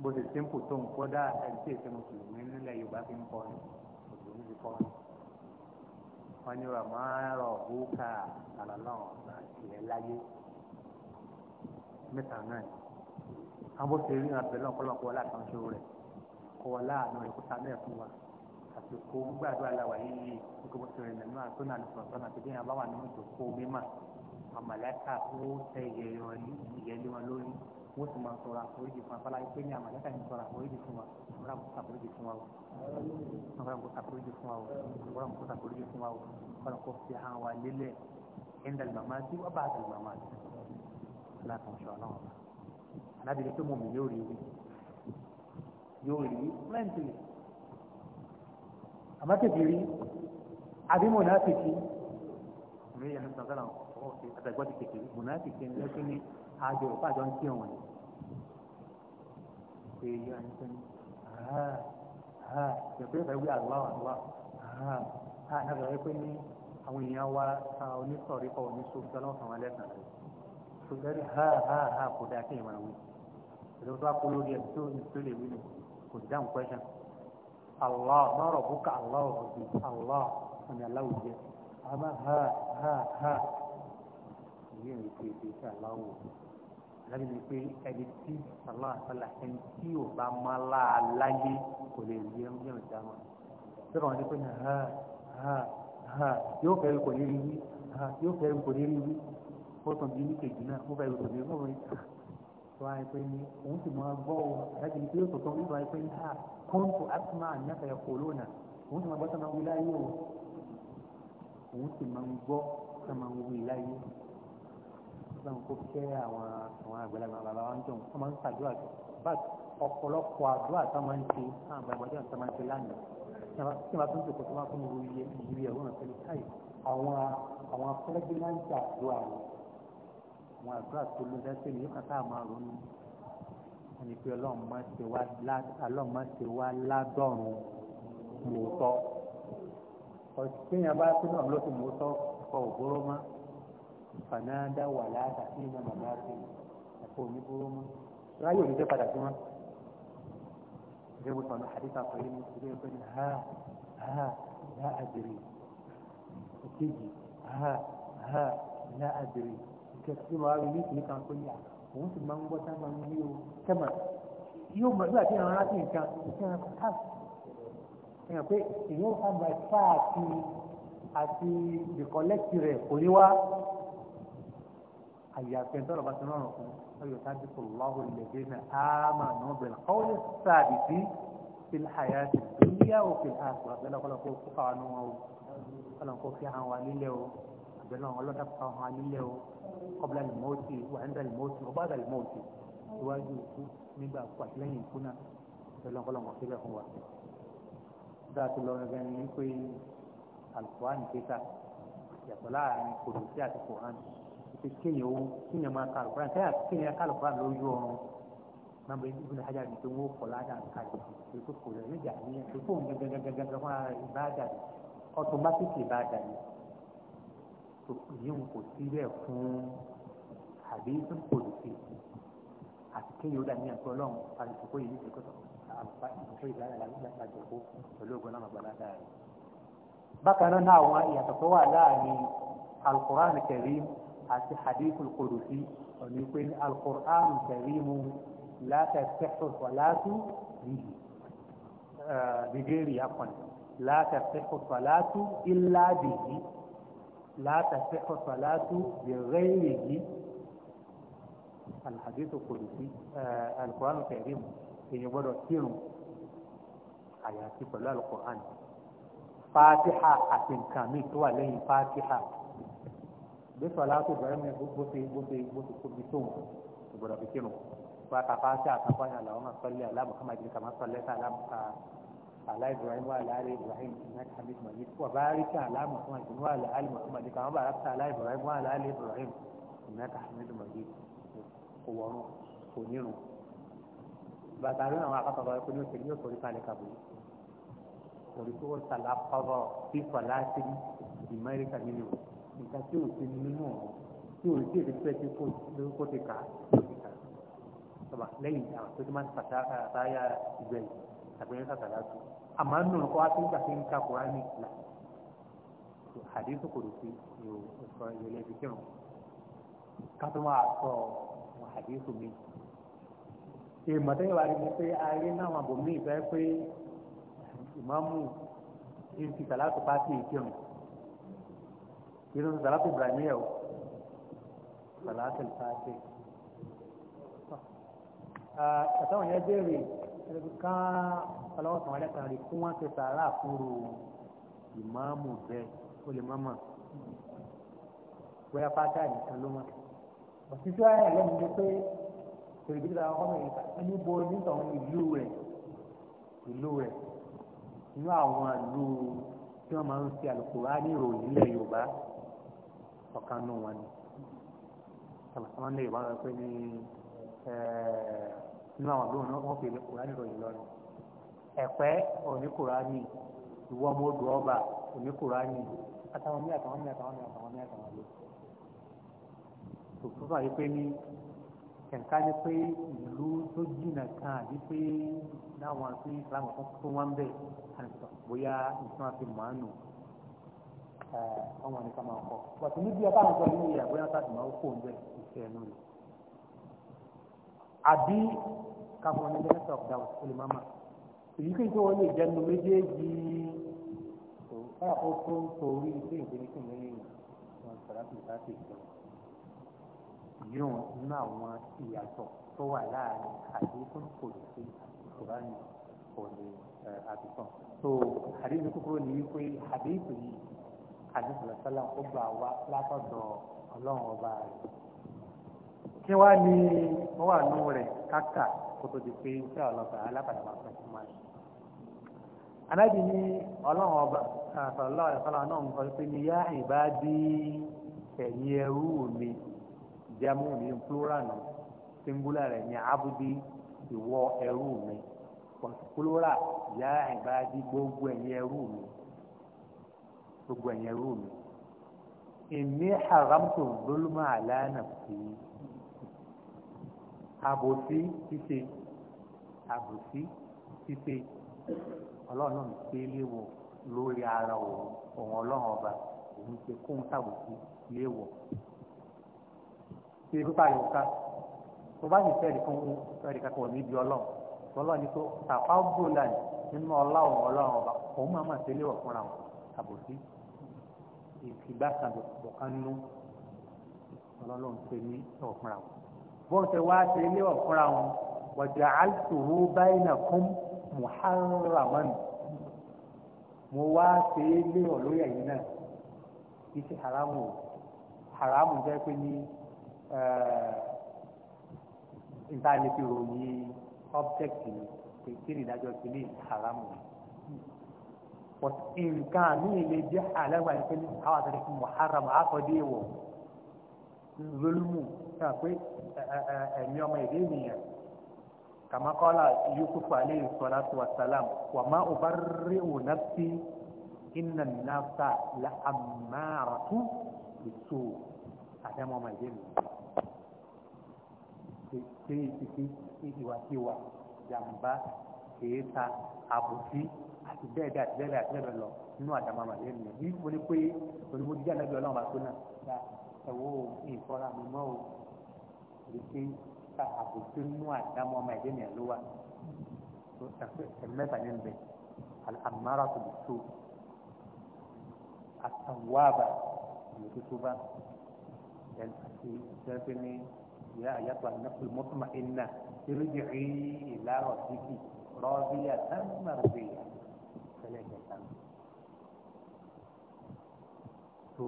bó ti sínkù tó ń kọ́ dá ẹni tí èsì mùsùlùmí nílẹ̀ Yorùbá fi ń kọ́ ni mùsùlùmí fi kọ́ ni wọ́n ní wà máa rọ̀ búkà sàlọ́lọ́run rẹ̀ láyé mẹ́ta náà àwọn bó ṣe rí hàn bẹ́ẹ̀ lọ́pọ̀lọpọ̀ látàǹṣó rẹ̀ kọ́ wa láàánú rẹ̀ kúta náà fún wa àsìkò gbàdúrà làwà yìí kókó bó ṣe rìn nínú àtúnà àlùfọ̀ọ́sọ́nà àti bí wọn bá wà nínú ìjòkó mímà àmàlẹ́kà ó tẹ ìyẹ̀lẹ̀ wọn lórí wọ́n sì máa sọ̀rọ̀ àforíjì fún afárá yìí pé ní àmàlẹ́kà yìí sọ̀rọ̀ àforíjì fún wa ọ̀rọ̀ àmọ̀kọ́ àforíjì fún wa o ọ̀rọ̀ àmọ̀kọ́ àforíjì fún wa o ọ̀rọ̀ àmọ̀kọ́ àforíjì fún wa o ọ̀rọ̀ àmọ̀kọ́ fi hàn wá lélẹ̀ ẹ̀ńdàlùmọ̀mọ́ tí wọ́n bá àdàlùmọ̀mọ́ àti láti ọ̀ṣọ́ ọlọ́run ọba anábìrin tó mọ̀ mí yóò rí wí yóò rí plenty àmọ́ tètè rí àbí mọ̀nàfìkì mi yẹn sọ fẹ́ràn ọ̀hún ṣe àtẹ̀gbọ́n ti tètè rí mọ̀nàfìkì ni lẹ́sìn ní àjọ ìpàjọ ń kí ọ̀hún ah. yí ẹni tó ní ìyẹ̀pẹ̀ ìfẹ́ wí àlọ́ àlọ́ àná bẹ̀rẹ̀ pé ní àwọn èèyàn wa onísọ̀rí kọ́ oníṣòwò tí ọlọ́run lẹ́sàn-án rẹ̀ ṣùgbọ́n ha ha ha kò dáa kéèyàn máa wí ìdókòtò tó akóló rí ẹni tó tó lè wí ni kò dáhùn kwẹ́sàn allah mọ́rọ̀ bùkà allah òbí allah ọ̀nà aláwọ̀ jẹ àmọ́ ha ha ha ìyẹn ní pé kì í ṣe aláwọ̀ lábẹ́ ni pé ẹni tí allah àtàlà ẹni tí ò bá má láàláyé kò lè rí ẹni yẹn dáhùn sọ̀rọ̀ wọn ni pé ha ha yóò fẹ́ kò ní rí yóò fẹ́ kò ní rí fọ́tàn bíi ní kejì náà mo bá ìròyìn mi wọ́n rìn tà wá ẹgbẹ́ ni òun sì máa gbọ́ ọ láti ní pé yóò tọ̀tọ̀ nípa ẹgbẹ́ ní ha kọ́ńtò asma àyàfẹ́ ẹ̀kọ́ lónà òun sì máa gbọ́ sọ́nà wílá yìí o òun sì máa ń gbọ́ sọ́nà wílá yìí lọ́n kó fẹ́ àwọn àwọn àgbàlagbà bàbá wa ń jọ̀ wọ́n máa ń ṣàdúrà jù but ọ̀pọ̀lọpọ̀ àdúrà tá máa ń àwọn àgbàlagbà jọ̀ tá máa ń ṣe tí wọ́n tún jòkó tó máa fún mi ru iye ìrírí ẹ̀rọ náà pẹ̀lú àwọn àwọn afẹ́rẹ́gbẹ́ máa ń ṣàdúrà yìí àwọn àdúrà tó ló dẹ́sẹ̀ ní kàtà máa ronú wọn ni pé ọlọ́run má ṣe wá ládọ́rùn mòótọ́ ọ̀sìnyàn bá tó náà ló fi mòótọ́ kọ òbóró mọ́ fànáńdá wà láàdá sí iná màmá sí ẹ̀kọ́ oníbóró mọ́ ráyè òníjẹ́ padà sí wọn. ìjẹ́ mo sọ̀nà àdìsá pẹ̀lú mi ìjẹ́ pé ní ha ha la àdìrí ìkejì ha ha la àdìrí kẹsí máa rí ní ìpínlẹ̀ kan pé ní à òun sì máa ń gbọ́ sábà ń rí o kẹ́mà yóò mọ̀ nígbà tí àwọn aráàlú nǹkan ìṣe ẹran ká ẹ̀yàn pé èyí ó sábà fà àti àti ìkọ́lẹ́tì rẹ̀ kò ní wá àyàfẹ́ tọ́lọ̀ bá ti rọrùn fún ọyọ̀ sábì kò lọ́wọ́ lẹ́gbẹ́ náà á máa nà ọ́ bẹ̀rẹ̀ kọ́ lè sáàbì sí filhaya ti dúnyà òfin àkùrà bẹ́ẹ̀ lọ́kọ́lọ́kọ́ fún àwọn ọmọ wọn o kọ́lọ́kọ́ bẹ́ẹ̀ náà ọlọ́dà kan hàn nílẹ̀ o kọ́bílà lèmọ́tì wàhánà lèmọ́tì ọ̀bàdà lèmọ́tì iwájú ikú nígbà kú àti lẹ́yìn ikú náà bẹ́ẹ̀ náà kọ́lọ́mọ̀ síbẹ̀ fún wa. dáàtú lọ rẹ̀ gẹ́gẹ́ ní pé alukuran kíkà yàtọ̀ láàrin kòròsí àti kòrán ìpè kéèyàn ó kéèyàn máa ka alukuran kẹ́yà kéèyàn ká alukuran lójú ọ̀run máa bẹ ibùdó hajj àti pé wọ́n kọ̀ láàdà kalẹ̀ èkó kò lè níjà ní èkó òun gẹ́gẹ́gẹ́gẹ́gẹ́ fún ìbáàdà ọ̀tọ̀mátìkì ìbáàdà yìí yíwọn kò síbẹ̀ fún àdéhùn pòlìsì àti kéyìí ó dà ní ẹ̀kọ́ ọlọ́run àdìsókò yìí ní ìkọ́tọ̀ àdìsókò yìí lára lájọ̀kó pẹ̀lú ògbọ́n náà gbọ́dá dáàrin. bákan náà náà àwọn ìyàtọ̀ tó wà láàrin alukur'an karim àti àdéhùn pòlìsì ọ̀nà ìpè ní alukur'an karim látàkẹ́sọ̀ sọ̀láàtú yìí bìgẹ́rì akọ̀nì látàkẹ́sọ̀ sọ̀láàtú ìlà bìyí látàfẹ́ ọ̀sàlátú lè rẹ́yìn yìí alhadisu kòlùsí alukóránù kẹrin èyí gbọ́dọ̀ kírun àyàfi pẹ̀lú alukóránù fatiha àti nǹkan mi tó wà lẹ́yìn fatiha bí sọlátú bẹ̀rẹ̀ mi bó ṣe bó ṣe bó ṣe kó bí tóun ìgbọ́dọ̀ fi kírun wọ́n ta fatiha àtàkọ́yìn àlàó máa sọ́lé kàmá sọ́lé tá على إبراهيم وعلى آل إبراهيم إنك حميد مجيد وبارك على محمد وعلى آل محمد كما باركت على إبراهيم وعلى آل إبراهيم إنك حميد مجيد قوانو قنيرو باتارون أما قطع الله يقول يوسف يوسف ولك عليك أبو ولكو تلقظ في صلاة بمالك منه إنك تيوسف منه تيوسف تيوسف تيوسف تيوسف lẹ́yìn àwọn tó ti máa ń pàtàkì àtàyà ìgbẹ̀yìn àgbẹ̀yìn sàtàlátù àmọ́ nù kọ́ wá sí ìgbà tí ń ka kùránì là àdínkù kò sí yóò sọ ìrẹ̀lẹ̀ ibi kírun ká tó máa sọ àwọn àdínkù mi. ìmọ̀tẹ́yẹ̀wá rí mi pé ayé náà àbòmí ìfẹ́ pé ìmáàmù ń fi sàlátù pàtì ìkírun irin sàlátù ibrahimiya o sàlátù pàtì. àtàwọn yẹn béèrè kan ọlọ́wọ́ sàn wálé kan rí kí wọ́n ṣe sàárà fúnru ìmáàmù bẹ́ẹ̀ ó lè mọ́mọ́ bóyá pátá nìkan ló mọ́ òṣìṣẹ́ ẹlẹ́nu ni pé tòlùbílà ọkọ mi níbo nítorí ìlú rẹ̀ ìlú rẹ̀ inú àwọn ìlú tí wọ́n máa ń fi àlùkùrá ní ìròyìn ilẹ̀ Yorùbá ọ̀kan nù wọn ni àwọn ilé Yorùbá rẹ̀ pé ní inú àwọn ìlú wọn wọ́n fi àlùkùrá ní ìròyìn lọ́rùn ẹ̀pẹ́ oníkùránì ìwọ ọmọ odò ọba oníkùránì àtàwọn ní àtàwọn ní àtàwọn ní àtàwọn ní àtàwọn ló tòtò fà wípé ní kẹ̀ǹká ni pé ìlú tó jìnnà kan àbí pé láwọn àti ìsìlámù tó tó wọn bẹ̀ àìsàn bóyá ìsìn àti màánù ọmọ nìkan máa kọ bàtí níbi ọba àwọn ọmọ yìí àbóyá sáà tìmọ̀ ó kó ń bẹ̀ ìṣe ẹnu rẹ̀ àbí káfọ́n ní minister of doubt olùmọ́mọ́ èyíkéyìí tí wọ́n lè jẹnu méjèèjì òǹkà ó tún torí ilé ìgbélékè lẹ́yìn wọn sàrátì láti ìjọ yíyan nínú àwọn ìyàtọ̀ tó wà láàrin àdéhùn kò lè ṣe ìkùránì kò lè àdìsàn so àdéhùn kúkúrú ni wípé àdéhùn yìí àdéhùn lọ́sọ́lá ó gbà wá látọ̀dọ̀ ọlọ́run ọba rẹ̀ kí wá ní wọ́n wà nù rẹ̀ káàkà kó tó di pé ń fẹ́ ọlọ́pàá alápàdà máa pẹ́ fún wa. anábì ní ọlọ́run ọba àtọ̀lọ́ ẹ̀fọ́lá náà ń kọ́ pé ní yá ìbádí ẹ̀yìn ẹrú mi jámù ní plural nù singular rẹ̀ ní abudi ìwọ ẹrú mi plural yá ìbádí gbogbo ẹ̀yìn ẹrú mi gbogbo ẹ̀yìn ẹrú mi. èmi haramtu dhulma ala nafsi àbòsí ṣíṣe àbòsí ṣíṣe ọlọ́run náà ṣe é léwọ̀ lórí ara òun òun ọlọ́run ọba òun ṣe kóun ṣàbòsí léwọ̀ ṣe pípa yóò ká tó bá sì fẹ́ẹ̀rí fún un fẹ́ẹ̀rí kankan òní ibi ọlọ́run ọlọ́run ní tó tàfà gbòòlà nínú ọlá òun ọlọ́run ọba òun máa máa ṣe léwọ̀ fúnra wọn àbòsí ìgbà kan lọ́kàn nínú ọlọ́run ṣe ní ọ̀fúnra wọn bọ́n ṣe wá ṣe ilé ọ̀fúnra wọn wọ̀jà àlùtòwó bainakum muharraman mo wá ṣe ilé ọ̀lórí ẹ̀yìn náà kì í ṣe haramu haramu jẹ́ pé ní ìtàlẹ́fi eh, ròyìn ọ́bjẹ́kì pé kí ìdájọ́ ti ní haramu nǹkan míì lè jẹ́ àlẹ́wà ìpínlẹ̀ àwọn àtàlẹ́fi muharram àkọ́dé wọ̀ zulmu náà pé ẹ̀mí ọmọ èdè ènìyàn kama qala Yusuf alayhi salatu wa salam wa ma ubarri'u nafsi inna nafsa la ammaratu bisu àdámọ́ ọmọ èdè ènìyàn ṣe ìṣìṣì ìwàkiwà jàǹbá kèéta àbùsí àti bẹ́ẹ̀ bẹ́ẹ̀ àti bẹ́ẹ̀ bẹ́ẹ̀ àti bẹ́ẹ̀ bẹ́ẹ̀ lọ nínú àdàmọ́ àmàlẹ́ mi ní mo ní pé olùmọ̀jíjà lẹ́bi ọlọ́run àti ọ̀nà ẹ̀wọ́ ìfọ́ra mi mọ́ o wípé àbùkù nú àdámọ́ ọmọ ẹ̀dẹ́ nìyẹn ló wà mẹ́ta ní bẹ́ẹ̀ àmàrà tó tó àtàwáàbà yóò tó tó bá ẹ̀ẹ́dẹ́gbẹ́ ẹ̀ẹ́dẹ́gbẹ́ ní ìyá àyàtọ̀ ànáfẹ́ mọ́tòmá ẹ̀nà irúgbìrì ìlàrọ̀ síkì rọ́ọ̀bì àtàmàrùbì àtẹlẹ́ ìjẹta tó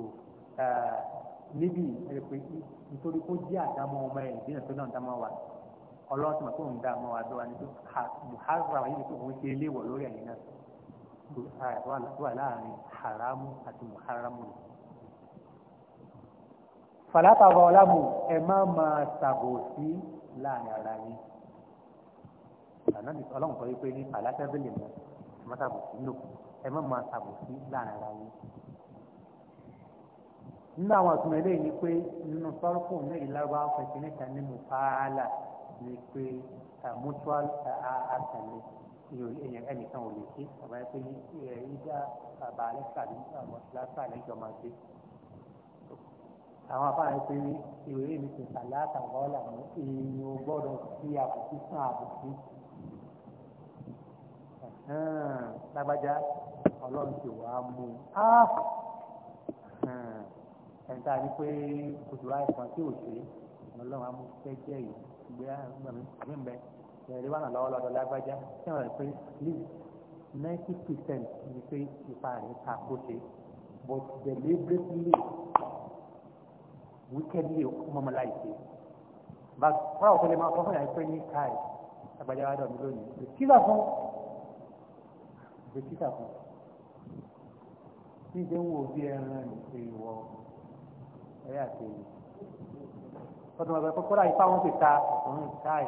níbi ẹ̀ẹ́dẹ́gbẹ́ nítorí kó jẹ́ àdámọ́ ọmọ ẹ̀ ìdí ìrìnàjò náà dámọ́ wa ọlọ́run ti mọ̀ pé òun dá ọmọ wa dọ́wà ní pé muhazra wa yìí pé òun ṣe léèwọ̀ lórí ẹ̀yìn náà tó wà láàrin haramu àti muharamu ni. fàlàtà ọba ọlámù ẹ má máa ṣàbò sí láàrin ara yín ọlọ́run sọ wípé ní fàlàtà bẹ́lẹ̀ mọ́ ẹ ẹ má ṣàbò sí láàrin ara yín nínú àwọn àtúmọ̀ eléyìí ni pé nínú sọ́rọ́pù mẹ́rin lárúbá fẹ̀sẹ̀ níta ní mùfàálà ni pé mutual àtàlẹ̀ ẹnìkan ò lè ṣe àbáyé pé ìdá bàbá alẹ́sà ní àmọ̀síláṣà lẹ́jọ́ máa ṣe. àwọn afáàní pé ìwé mi ti sàlá àtàwọn ọ̀làmú èèyàn gbọ́dọ̀ sí àbùkù sàn àbùkù. lágbájá ọlọ́run ti wàá mú un ẹ̀ńtà ni pé oṣù láì kan tí ò ṣe ọlọ́run amúfẹ́jẹ́ yìí gbé àgbàmí àmì ń bẹ ẹ̀rí wà lọ́wọ́ lọ́dọ̀ lágbájá tí wọ́n rẹ̀ pé leave ninety percent ni pé ipa rẹ̀ ta kó ṣe but deliberately wíkẹ́ndì ọmọọmọ láì ṣe but wọ́n rọ̀ pé lè máa sọ fún yàrá pé ní káì àgbàjá wa dọ̀ mí lónìí the teacher fún the teacher fún ṣíṣe ń wo bí ẹran ìwọ ẹ̀yà àtẹ̀yẹ kọ́tù máa bẹ kó kọ́lá ipá wọn ti ta ọ̀hún káì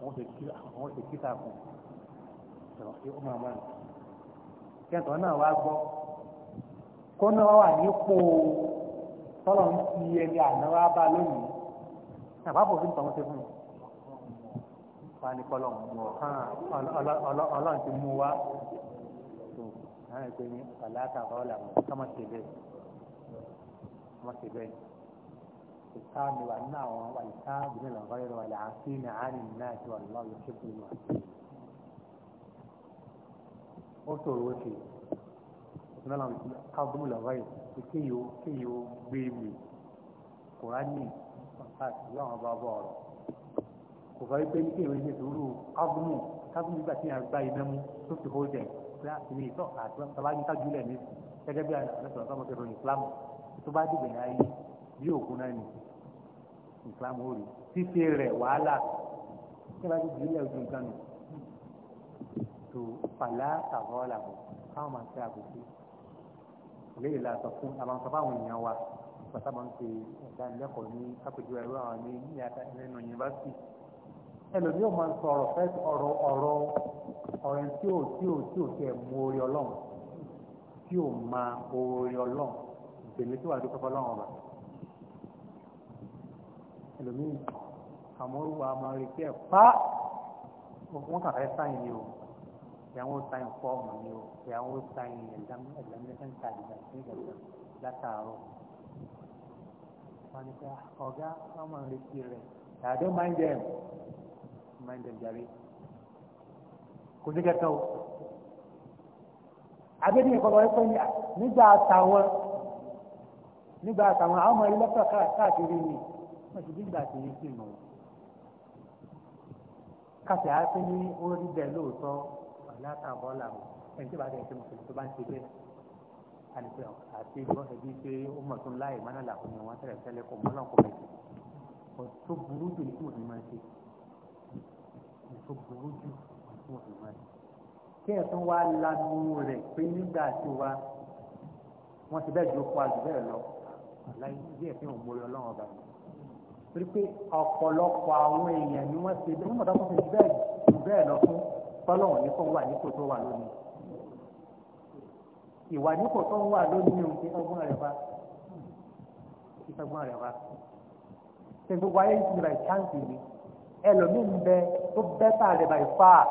àwọn ti kí ta kù ó máa wà náà wá gbọ́ kó náà wà nípò tọ́lọ̀ ń fi ẹni àná wá bá lónìí àbábọ̀ fi ń tọ́ wọn fún un ní kọ́lọ̀ mọ̀ ọlọ́run ti mú wa. àwọn ìpè ní ọ̀làkà ọ̀làwọ̀ kọ́mọ̀ bẹ́ẹ̀ wọ́n ṣe bẹ́ẹ̀ ìka ni wà nínú àwọn wà ìka bìnrin lọ́gọ́ yẹn wà láàfin ní àárín náà ti wà lọ́wọ́ yóò ṣépè wà. ó ṣòro ó ṣe ìṣúná làwọn káàbùmù lọ́gọ́ yẹn pé kéèyàn kéèyàn gbé mi kùránì kọ̀ǹtàkì yóò àwọn bá bọ̀ ọ̀rọ̀ kò fẹ́ pé ní kéèyàn ṣe sùúrù káàbùmù káàbùmù nígbà tí yàn gba iná mú tó fi hó jẹ pé àti ní ìtọ́ àti tọ́bájú tájúlẹ̀ ní gẹ́gẹ́ bí àwọn ọ̀sán ọ̀sán tó bá dìgbà yà yí bí òkú náà ni islam ó rí ṣíṣe rẹ̀ wàhálà tí wọ́n bá ti dìbò ojú nǹkan nù tó fàlà àbọ̀wọ́ làbọ̀ káwọn máa ṣe àbòsí léyìí la sọ fún àwọn sọ fáwọn èèyàn wa pàtàkì máa ń ṣe ìdánilẹ́kọ̀ọ́ ní kápẹ́jú ẹ̀rọ àwọn ní ẹnu yunifásitì ẹlòmíì ò máa ń sọ ọ̀rọ̀ fẹ́ ọ̀rọ̀ ọ̀rọ̀ ọ̀rẹ́ tí ò tí ò tí ò tí ẹ̀ mú orí ọlọ́run tí ò máa orí ọlọ́run tèmi tó wà dúpẹ́ fọlọ́run ọba ẹlòmíì àmọ́ wà máa rí pé ẹ̀pá wọ́n kàn fẹ́ sáyìn ni o ìyàwó sáyìn fọ́ọ̀mù ni o ìyàwó sáyìn ẹ̀dámẹ́sán tàbí ìgbàgbọ́ látàárọ̀ wọ́n ní pé ah, ọ̀gá wọ́n máa rí sí rẹ̀ I don't mind them mind them jàre kò ní kẹta o àbẹ́ni ìkọlọ́ ẹ̀kọ́ ah, nígbà táwọn nígbà àtàwọn àwọn ọmọ ilé lọ́tọ̀ káàkiri ni wọ́n ti dígbà tí yín sì mọ̀ ọ́. kàtà á sí ní wọ́n rí bẹ́ẹ̀ lóòótọ́ látàbọ̀ làwọn ẹni tí bá dẹ̀ ṣe mùsùlùmí tó bá ń ṣe bẹ́ẹ̀ àlùfẹ́ àti ìgbọ́ ẹbí pé ó mọ̀ tó ń láì mọ́nà làwọn ni wọ́n tẹ̀lẹ̀ tẹ́lẹ̀ kọ̀ mọ́ lọ́kọ̀ mẹ́tì ọ̀tún burú jù ní kí mùsùlùmí máa ṣe ọ̀tún burú jù ní kí mùsùlùmí máa ṣe kí ẹ̀ tún wọ́n ti bẹ́ẹ̀ ju okun àjù bẹ́ẹ̀ lọ láyé díẹ̀ fi hàn mórí ọlọ́run ọba yìí torí pé ọ̀pọ̀lọpọ̀ àwọn èèyàn ni wọ́n ṣe bẹ́ẹ̀ mọ̀tàkùn ṣe bẹ́ẹ̀ jù bẹ́ẹ̀ lọ fún tọ́lọ́run nípò wà nípò tó wà lónìí ìwà nípò tó wà lónìí òun ti ọgbọ́n rẹ̀ bá ti ọgbọ́n rẹ̀ bá ṣe gbogbo ayé ti ra ìcháǹsì ni ẹlòmíì ń bẹ tó bẹ́tà rẹ̀ by far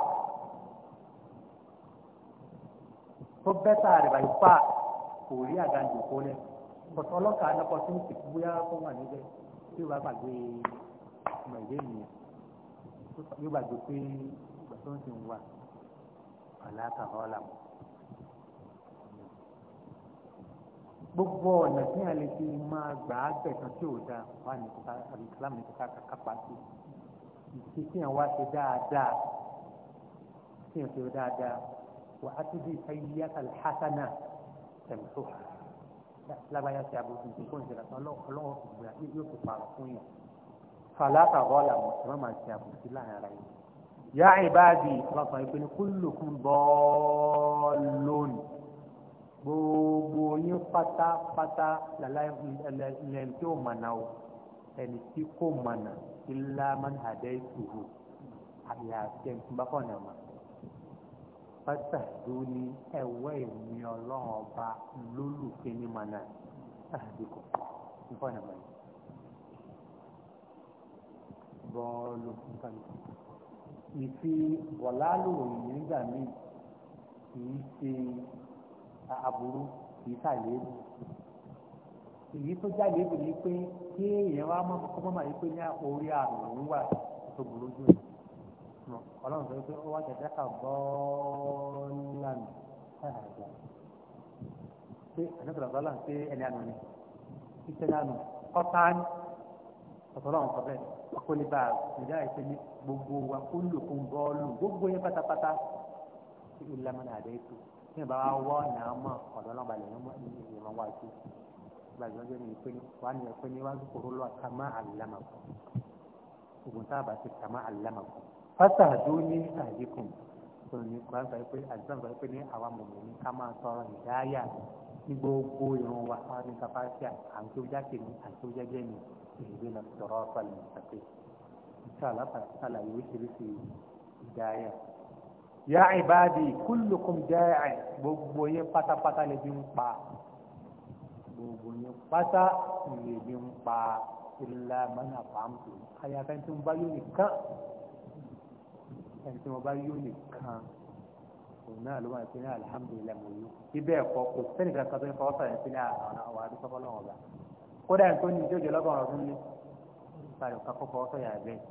tó bẹ́tà rẹ̀ by far kò rí àgàjù kólẹ̀ pọ̀tọ́ ọlọ́kà lọ́kọ̀ tó ń tìkú bóyá kó wà níbẹ̀ tí yóò bá gbàgbé ọmọ ìwé nìyẹn yóò gbàgbé pé ìgbà tó ń sìn wà àlàkà ọ̀la. gbogbo ọ̀nà tí a lè fi máa gbà á gbẹ̀tàn tí ò dáa wà ní kíkà àbí kílámù ní kíkà kápá sí ìṣe tí àwọn wá ṣe dáadáa tí àwọn ṣe dáadáa wà á ti di ayé àtàlẹ́ hásánà tẹ̀mẹ́tò lágbáyà ti àbò tuntun kó n ṣe kàtà ọlọ́wọ́ fi gbéra yóò fi pààrọ̀ fún yàn. fàlàkà bọ́ọ̀lù àmọ̀ ẹ má máa ṣe àbò sí láàrin ara yìí. yá ìbáàdì ọlọ́pàá yìí pé ní kúlùkùn bọ́ọ̀lónì gbogbo yín pátápátá lẹ́yìn tí ó mànà o ẹni tí kò mànà ìlànà àdé ìṣòro àyàfẹ́ ìfúnbákọ̀ náà mànà fásitàdúní ẹ̀wọ́ ìmí ọlọ́run ọba lólùfẹ́ ní mọ̀nà àdìkọ̀ ìfọ̀nà mọ̀nà bọ́ọ̀lù ìfọ̀nà ìfi wọ̀lálù òyìn nígbà míì kìí ṣe aburú kìí ṣàléébù èyí tó jáde bò ní pé kí èèyàn wá mọ́ kọ́mọ́ màá yí pé ní orí àrùn òun wà tó burú jù lọ mọ̀ ọlọ́run sọ pé ó wá jẹ̀dá kà bọ́ọ̀lá mi ṣáàjà pé àdókòlá bọ́ọ̀lá ń pé ẹni àná ni iṣẹ́ dànù ọ̀tá ni ọ̀tọ̀lọ́run kọ bẹ́ẹ̀ akólébà ìdá ìpè ní gbogbo wa kó lò fún bọ́ọ̀lù gbogbo yẹn pátápátá ìlànà àdéhùn ní ìbá wa wọ́ náà mọ̀ ọ̀dọ́ náà balẹ̀ ní ìyẹn wá sí gbàgbọ́ jẹ́ ní ìpè ní wà ní ìpè ní wá kúrò lọ́wọ́ kàmá àlámàkọ́ ògùn táàbà ti kàmá àlámàkọ́ fásitì ní àdínkùn tó ní kó àgbà pé àdúrà àgbà pé ní àwa mọ̀mọ́ ní ká máa sọ̀rọ̀ ìdáyà ní gbogbo ìran wa wọn ní kàfáṣíà àǹtójáde ní àǹtójẹjẹ ní ìrìnbí lọ sọ̀rọ̀ ọ̀pọ̀lọ̀ ìṣàpè ìṣàlá pàṣípàlà yóò ṣeréṣe ìdáyà. yá ìbáàdì kúlùkùn jẹ́ gbogbo yẹn pátápátá lè bí ń pa gbogbo yẹn pátá lè bí ń pa ìlànà àpamọ́ àyàfẹ́ tó ń bá yóò nìkan ẹni tí wọ́n bá yó nìkan òun náà ló máa ń pè ní alihamudulilayi mo yó ibẹ̀ ẹ̀kọ́ kò sẹ́ni kankan tó ń fọwọ́ sọ̀rọ̀ sí ní àwọn àwọn àdúgbò fọlọ́wọ́n ọ̀gá kódà ẹni tó ní ìjọ ìjọ lọ́gọ́rùn ọdún ní sáré kakọ́ fọwọ́ sọ̀rọ̀ yà bẹ́ẹ̀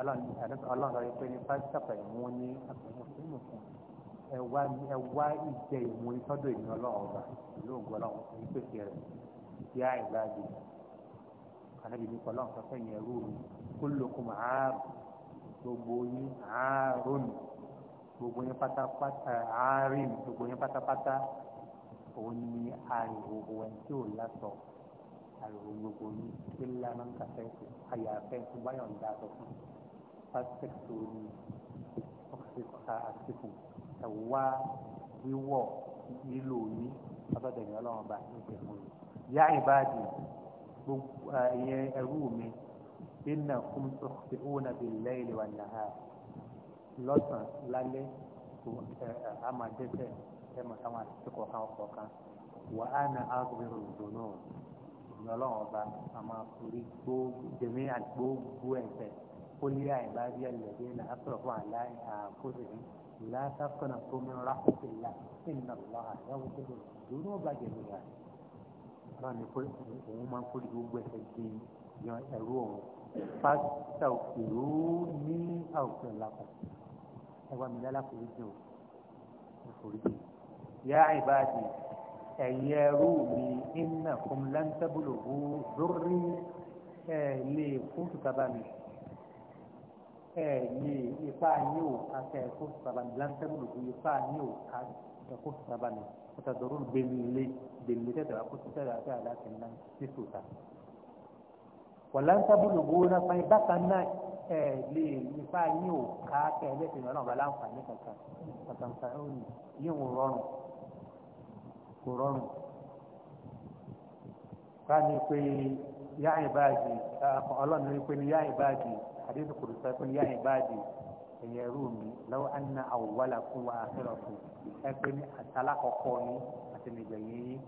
ọlọ́run lọ́ọ́ pé ní pásítọ̀pọ̀ ìmú ní ẹ̀wá ìjẹ ìmú ìtọ́dọ̀ ìní ọlọ́run ọba ìlú gbogbo yín àárùn gbogbo yín pátápátá àárìn gbogbo yín pátápátá òun ni àìhòhò ẹni tí ò lásọ àìhòhò gbogbo yín tí lánà ń kàfẹ́ sí àyàfẹ́ tó bá yọ̀ǹda sọ fún pásítẹ̀kì orí ọ̀kàṣẹ́kọ̀ọ́ta àtìkù ẹ̀wá wíwọ̀ nílò yín látọ̀dẹ̀yìn ọlọ́run bá ń pè yá ìbáàdì gbogbo ẹ̀yẹ ẹrú mi innakum tukhti'una bil-layli wan-nahar lọ́sàn lálẹ́ àmàdẹ́sẹ̀ ẹmọ táwọn àtìkọ̀ kan ọ̀kọ̀ọ̀kan wà á na ágbèrò ìdùnnú ìyẹn ọlọ́run ọba a máa forí jẹ̀mí àgbógbó ẹ̀fẹ̀ ó lé àìbá bí ẹlẹ́dẹ́ náà sọ̀rọ̀ fún àlá àkóṣèlú látàkùnà tó mi rà kókè lá ìnà lọ àyẹ̀wò tó lọ ìdùnnú ọba jẹ̀mí rà ọlọ́run ní pé òun máa forí gbogbo ẹ̀fẹ̀ gbé ẹ̀rú òun fásitàkìrú ní àwùjọ làkọ̀ ẹwà mi lálá kò jù ó forí jù yá ìbáàdì ẹ̀yẹ ẹrú mi iná fún láńtẹ́bùlù ó lórí ẹ̀ lè fún tùtàbà mi ẹ̀ lè ipá ní òkà kẹ́ ẹ̀ fún tùtàbà mi láńtẹ́bùlù ó ipá ní òkà ẹ̀ fún tùtàbà mi ó tàdọ̀rọ̀ gbẹ̀mí lé gbẹ̀mí lé tẹ̀tẹ̀ wá kó tẹ̀tẹ̀ wá kẹ́ àdá kẹ́ ńlá ní tùtà wọ̀láńsábùlùgbò náà fún yín bákan náà ẹ̀ lè nípa yín ò ká kẹ́ ẹlẹ́sìn náà bá láǹfààní kankan kankan ó ní yín ò rọrùn kò rọrùn. káàní pé yá ìbáàdì ọlọ́run ní pé ní yá ìbáàdì àdéhùn kò sọ pé ní yá ìbáàdì ẹ̀yẹ rúmi lọ́wọ́ àná àwòwálà fún wa àfẹ́rọ̀ fún ẹ pé ní àtàlákọ̀ọ́kọ́ yín àtẹnìgbẹ̀yìn yín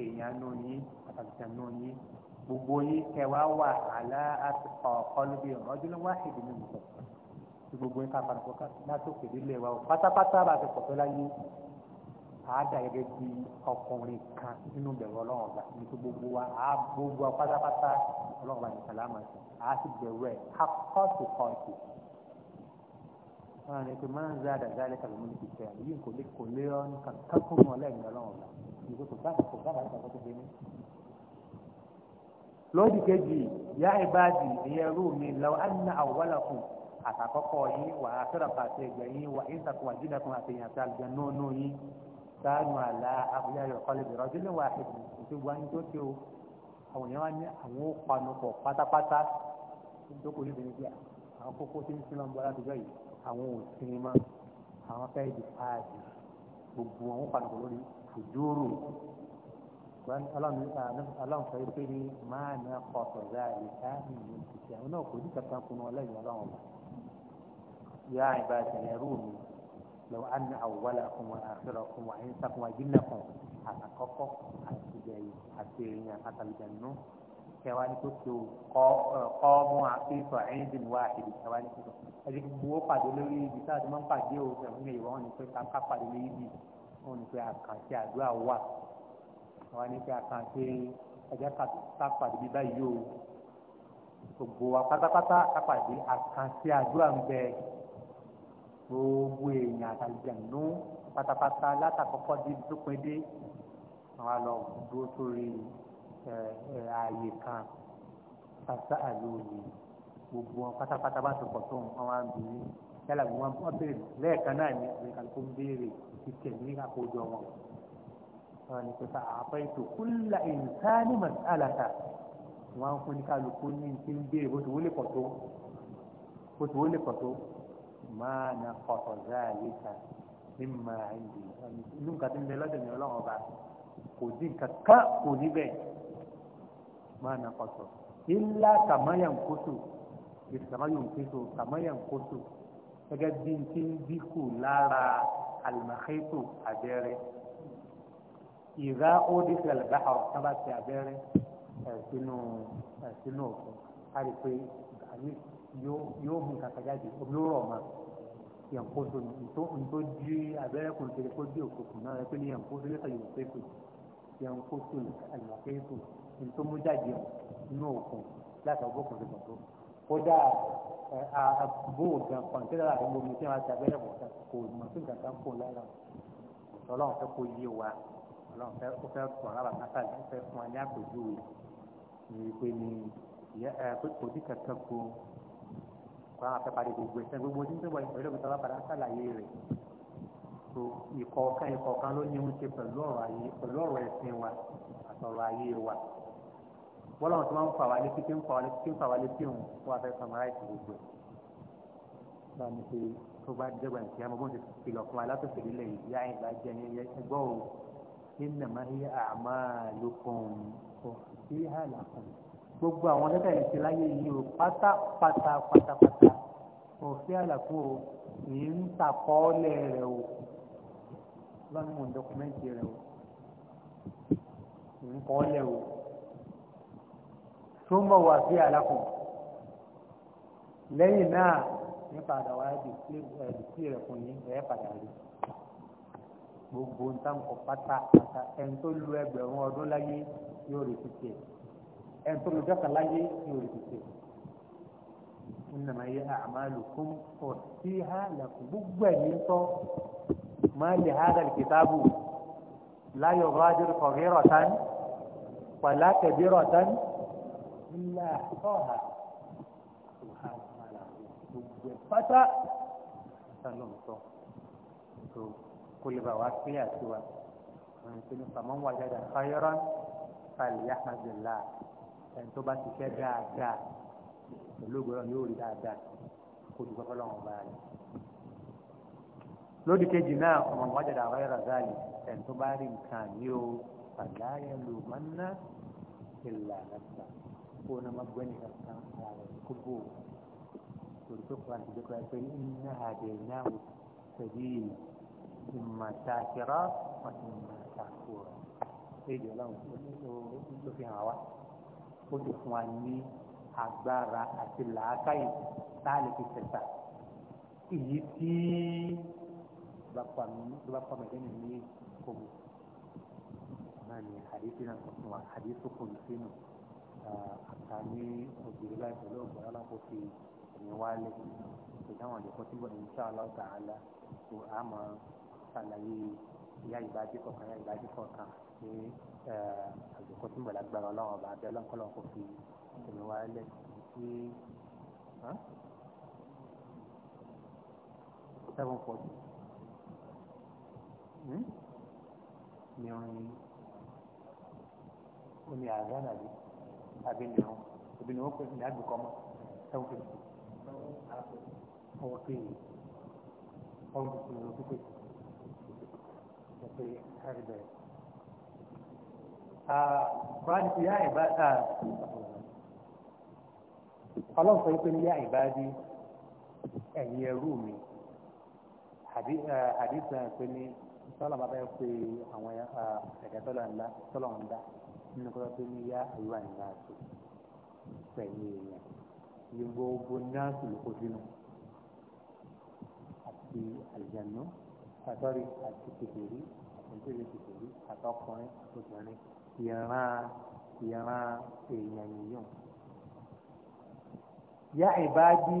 èèyàn nù yín àtàlùjẹ̀ nù yín gbogbo yìí kẹwa wà àlá ọ̀kọ́lùbí ọ̀rọ̀dúnlẹ̀ wáhìdì ní ìmùsọ̀ tí gbogbo yìí kápá nìkan láti òkè nílé wa pátápátá bá ti pọ̀tọ́ láyé àádà gẹ́gẹ́ bí ọkùnrin kan nínú bẹ̀rù ọlọ́run ọ̀gá ní tó gbogbo wa á gbogbo wa pátápátá ọlọ́run ọ̀gá nìkan láàmú ẹ̀sìn á sì bẹ̀rù ẹ̀ akọ́tù kọ́ọ̀tù. wọn rìn pé máa ń zá àdàgá lẹ́ka lómi ní kìkẹ́ yìí kò lé kò lé ọ́ nìkan kankan kó tó dé lọ́ọ̀dì kejì yá ìbáàdì ìyẹn rú mi lọ́wọ́ àná àwọ̀wọ́lọ́kùn àtàkọ́kọ́ yín wà á fẹ́ràn pàṣẹ ẹgbẹ́ yín wà á sàkó àjídàkùn àtẹ̀yìn àti àlùjẹ náà náà yín sáánù àlá abúlé kọ́lẹ́bì rọ́jìlẹ̀ wà ẹ̀dùn ètò ìwà ní tó ṣe o àwọn èèyàn wá ní àwọn ó pọ̀ pátápátá tó kò níbi níbi kwan ọlọ́run sọ pé ní máa ní ọkọ̀ ọ̀tọ̀dá àyíká ìlú títí àwọn náà kò ní kankan kunu ọlẹ́yìn لو أن yá ìbá ìṣẹ̀lẹ̀ rú mi lọ́wọ́ á ní àwòwálà fún wa àfẹ́rọ̀ fún wa àyínsá fún wa jìnnà fún àtàkọ́kọ́ àti ìjẹyìn àti èèyàn àtàlùjẹ̀nù kẹwàá ní kókò kọ́ mú àfihàn ẹ̀yìn wá àṣìbí kẹwàá ní kókò ẹ̀jẹ̀ gbogbo àwọn ẹni pé àkànṣe ẹ̀jẹ̀ kápàdé bíbá yìí o gbogbo wa pátápátá kápàdé àkànṣe àdúrà ń bẹ gbogbo èèyàn àtàlùjẹ̀nù pátápátá látàkọ́kọ́ dé dópin dé àwọn lọ dúró sórí ààyè kan pàṣẹ àlòyè gbogbo wọn pátápátá bá ti pọ̀ tó nǹkan wá ń bìí yálà wọn béèrè lẹ́ẹ̀kan náà ni àbíkàlùkù ń béèrè ti tẹ̀lé àkójọ wọn wọn kò sá àpẹẹtò kúlà ìnsáni màsálàtà wọn fún ní kálukú ní ti ń béèrè bó ti wọlé pọ̀ tó bó ti wọlé pọ̀ tó máa na kọ̀tọ̀ záàyè ká ní máa ń di inú nǹkan tó ń bẹ lọ́dọ̀ ní ọlọ́run ọba kò dín kankan kò ní bẹ́ẹ̀ máa na kọ̀tọ̀ ilá kàmáyàn kóso ìsàmáyàn kóso kàmáyàn kóso gẹ́gẹ́ bí ti ń dínkù lára àlùmọ̀kẹ́tò àbẹ́rẹ́ ìrá ó dé sí àlàbáhà ọ̀tá bá ti abẹ́rẹ́ sínú sínú òkun a lè pe àmì yóò mú kàkà jáde omi ó rọ̀ ma yànkóso nító jí abẹ́rẹ́ kò tẹ̀lé kó dé òkùnkùn náà rẹ pé ní yànkóso lẹ́sọ̀ yóò pé kù yànkóso àlùmọ̀kẹ́kù nító mú jáde nínú òkun láti ọgbọ́n kò lè bọ̀ tó kódà àbóògàn kọ̀ǹtẹ́lá àti gbòmìnira àti abẹ́rẹ́ bọ̀ kò mọ̀ sí nǹkan kan kò lára ọ̀tọ̀ ọlọ́run fẹ́ kó yé wa ọlọ́run fẹ́ ó fẹ́ tún ara kátà ló fẹ́ fún wa ní àpèjúwe ní wípé ní ìyá ẹ pé kò sí kankan kó kó àwọn afẹ́pàdé gbogbo ẹ̀sẹ̀ gbogbo ojú tó wà ní pẹ̀lú ìgbésẹ̀ alábàdà sàlàyé rẹ̀ tó ìkọ̀ọ̀kan ìkọ̀ọ̀kan ló ní oúnjẹ pẹ̀lú ọ̀rọ̀ ẹ̀sìn wa àtọ̀rọ̀ ayé wa bọ́lá wọn tó máa ń fa wa létí pé ń fa wa létí pé ń fa wa létí òun kó wa fẹ́ sọmaráìsì gbogbo ẹ̀ bá ṣe tó bá dẹ́gbà ìṣẹ́ ọmọ bó ń ṣe kìlọ̀ fún wa látòkè nílẹ̀ yìí yá ní ẹgbọ́ òun innama hiya a'malukum uhsiha lakum gbogbo àwọn tẹ́tẹ́ yìí ti láyé yìí o pátá pátá pátápátá òfin àlàkù o èyí ń tàkọ́ọ́lẹ̀ rẹ̀ o lọ́nà mọ̀ dọ́kúmẹ́ǹtì rẹ̀ o èyí ń kọ́ọ́lẹ̀ o tó mọ̀ wà sí àlàkù lẹ́yìn náà ní padà wá dìtì rẹ̀ fún yín ẹ̀ padà rí i gbogbo ń tàǹkọ̀ pátápátá ẹni tó lu ẹgbẹ̀rún ọdún láyé yóò rí títì ẹni tó lu dọ́kà láyé yóò rí títì innama hiya a'malukum uhsiha lakum gbogbo ẹ̀yin tọ́ máa lè hádà kìtàbù la yughadiru saghiratan wala kabiratan illa ahsaha gbogbo pátá sálọ̀ ń tọ́ kó lè bá wa pé àti wa òun ti ní pàmò wà dáadáa khayran falyahmadillah ẹni tó bá ti fẹ́ dáadáa pẹ̀lú ògbọ́n yóò rí dáadáa kó dùgbọ́ fọlọ́run ọba rẹ̀ lódì kejì náà ọmọ wọn jẹ̀dá àwọn ẹ̀rọ záàlì ẹni tó bá rí nǹkan ní o fàdáyà ló máa ń ná ìlà kó o náà má gbé nìkan kan ara rẹ̀ kó bò ó pé kúrò àti ìjọba ẹgbẹ́ ní ìmọ̀ ṣàkìrọ̀ wọ́n ti mọ̀ ṣàkóra èdè ọlọ́run tó fi hàn wá ó ti fún wa ní agbára àti làákàyè tá a lè fi tẹ̀sà èyí tí bá pa mí lẹ́nu ní kòmù náà ni àdéhùn náà sọ fún wa àdéhùn kò ní sínú àtàní òbírí láìpẹ́ lóògùn aláàbò fi ẹ̀yìn wálé ìdáhùn àjẹkọ́ tí wọ́n ń ṣe aláǹtà àlá tó àmọ́ ṣàlàyé ìyá ìbájú kọ̀ọ̀kan ìyá ìbájú kọ̀ọ̀kan ní àgbẹ̀kọ́ tí mọ̀lá gbára ọlọ́run ọba abẹ́ ọlọ́nkọ́lọ́n kò fi èmi wá lẹ̀ sí seven forty hmm? ní orin omi àgbọ̀nà yìí àbí ní orin òbí ni wọ́n pè ní àgbẹ̀kọ́ mọ́ seven fifty. Okay. How much is it? pé kárí bẹ̀rẹ̀. Báyìí ti yá ìbá ta ọlọ́run sọ pé ní yá ìbá dí ẹ̀yin ẹrú mi àdìsàn pé ní sọ́lá máa bẹ́ẹ̀ pé àwọn ẹ̀dá tọ́lá ńlá tọ́lá ńlá nínú kọ́lá pé ní yá àríwá ńlá sí pẹ̀lú èèyàn ní gbogbo náà sì lóko sínú àti àlùjànnú àtọ́rí àti kékeré tí èyí ti tòrí àtọkùnrin obìnrin ìran ìran èèyàn yìnyín. yá ìbádí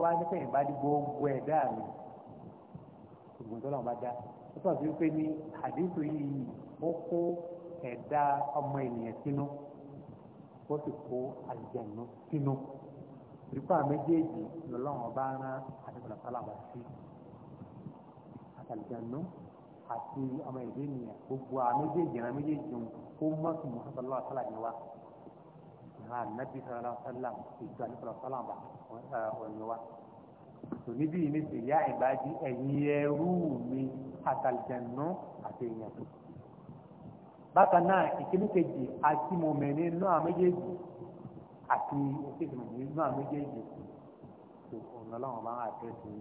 wá nípa ìbádí gbogbo ẹ̀dá mi ògùn tó lọ́wọ́ bá dá ó sọ̀rọ̀ sí pé ní àdéhùn yìí ó kó ẹ̀dá ọmọ ènìyàn sínú ó sì kó àjẹ̀nú sínú ìrúkọ méjèèjì lọ́lọ́wọ́ bá rán àdéhùn àtàlàbà sí àtàlìjẹ̀nú àti ọmọ ìdí ni. gbogbo àwọn méjèèjì ìran méjèèjì ń kó mọ́tò mọ́tò lọ́wọ́ sálà ní wa ìran ànábì sọlá sálà ìjọ àníkọlọ sálà wà ọ̀nì wa. tòní bí ní sèyí àìbájí ẹ̀yin ẹrú mi àtàlìjẹ̀nù àti èèyàn. bákan náà ìkíní kejì àti mọ̀mẹ́ni náà méjèèjì àti òkèèjì mọ̀mẹ́ni náà méjèèjì tó ọ̀nà ọlọ́run bá ń àtẹ́sí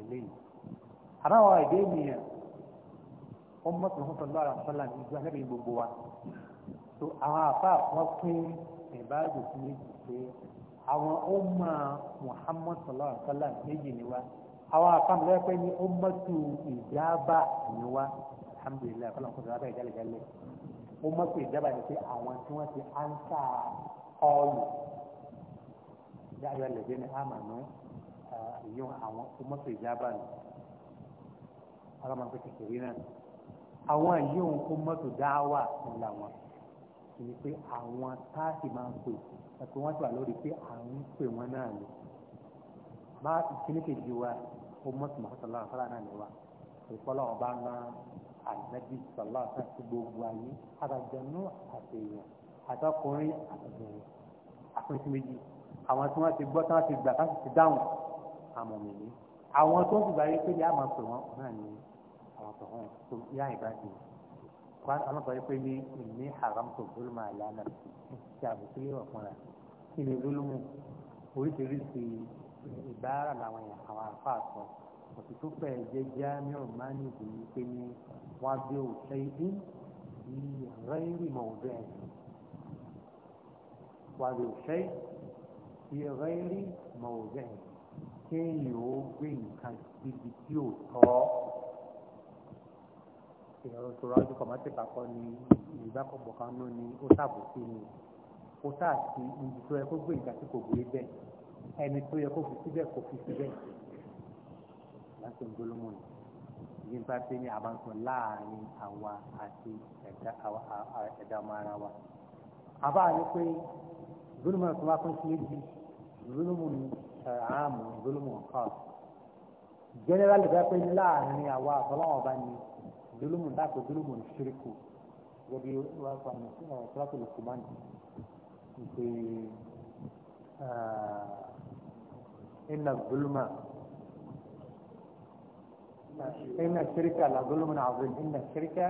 eléyìí. àbáwọ̀ ìdí ènìyàn ọmọ tó ń sọ lọ́ra sọ́là ní ìjọ anábì gbogbo wa so àwọn àbá wọn pín ìbáàdì sí méjì pé àwọn ọmọ Muhammad sallallahu alaihi wasallam méjì ni wa àwọn àbá mi lọ́wọ́ pé ní ọmọ tó ìjábà ni wa alhamdulilayi kọ́lá kó sọ̀rọ̀ ìjálẹ̀ jálẹ̀ ọmọ tó ìjábà ni pé àwọn tí wọ́n ti ánsà ọ̀lù dáadáa lẹ́gbẹ́ ni àmàlú ìyọ̀n àwọn ọmọ tó ìjábà ni alámọ̀ pé kékeré àwọn yìí òun kó mọ́tò dáwà ńlá wọn ìní pé àwọn táàsì máa ń pè àti wọ́n ti wà lórí pé à ń pè wọ́n náà ni bá ìkíní kejì wa ó mọ́tò mọ́tò sọ̀lá ọ̀sán náà ni wa ìfọ́lọ́ ọba ńlá ànábì sọ̀lá ọ̀sán ti gbogbo ayé àtàjọ̀nú àtẹ̀yìn àtọkùnrin àtọ̀bìnrin àpẹẹsì méjì àwọn tí wọ́n ti gbọ́ tí wọ́n ti gbà káṣí ti dáhùn àmọ̀mìnì àwọn tó ń ti gbà yé pé yá máa pè wọ́n náà nìyẹn àwọn tọ̀hún tó yá ìbájú kwan àwọn kan pé ní ìní haram tó gbólúmọ̀ àlànà tí a bùkún lè wọ̀n fúnra kí ni gbólúmù oríṣiríṣi ìbára làwọn èèyàn àwọn àfa àtọ̀ òtútù pẹ̀ jẹ́ jámíọ̀ máa ń nìdí pé ní wọ́n bí ò ṣe é ní rẹ́rì mọ̀ọ́dọ̀ ẹ̀ wọ́n bí ò ṣe é ní rẹ́rì mọ̀ọ́dọ̀ ẹ̀ kéèyàn ó gbé nǹkan síbi tí ò tọ́ ìrọ̀rùn tó rájú kọ̀mọ́tì pàpọ̀ ni ìgbàkọ̀bọ̀ kan ló ní ó sàbòsí ni ó sàti ibi tó yẹ kó gbé ìgbà tí kò gbé bẹ́ẹ̀ ẹni tó yẹ kó fi síbẹ̀ kò fi síbẹ̀ láti ń gbólómọ̀ ni yìí bá pé ní àbáǹsọ láàrin àwa àti ẹ̀dá ọmọ ara wa àbá ni pé gbólómọ̀ tó wá fún sí méjì gbólómọ̀ ni àmọ̀ gbólómọ̀ kan general bá pé láàrin àwa àtọ́lọ́wọ̀n ọba ni dulumun tako dulumun shiriku gẹ́gẹ́ wá pa ní ṣíláàtì eh, lukuman ìpè eh, iná duluma iná shirika la dulumun azim iná shirika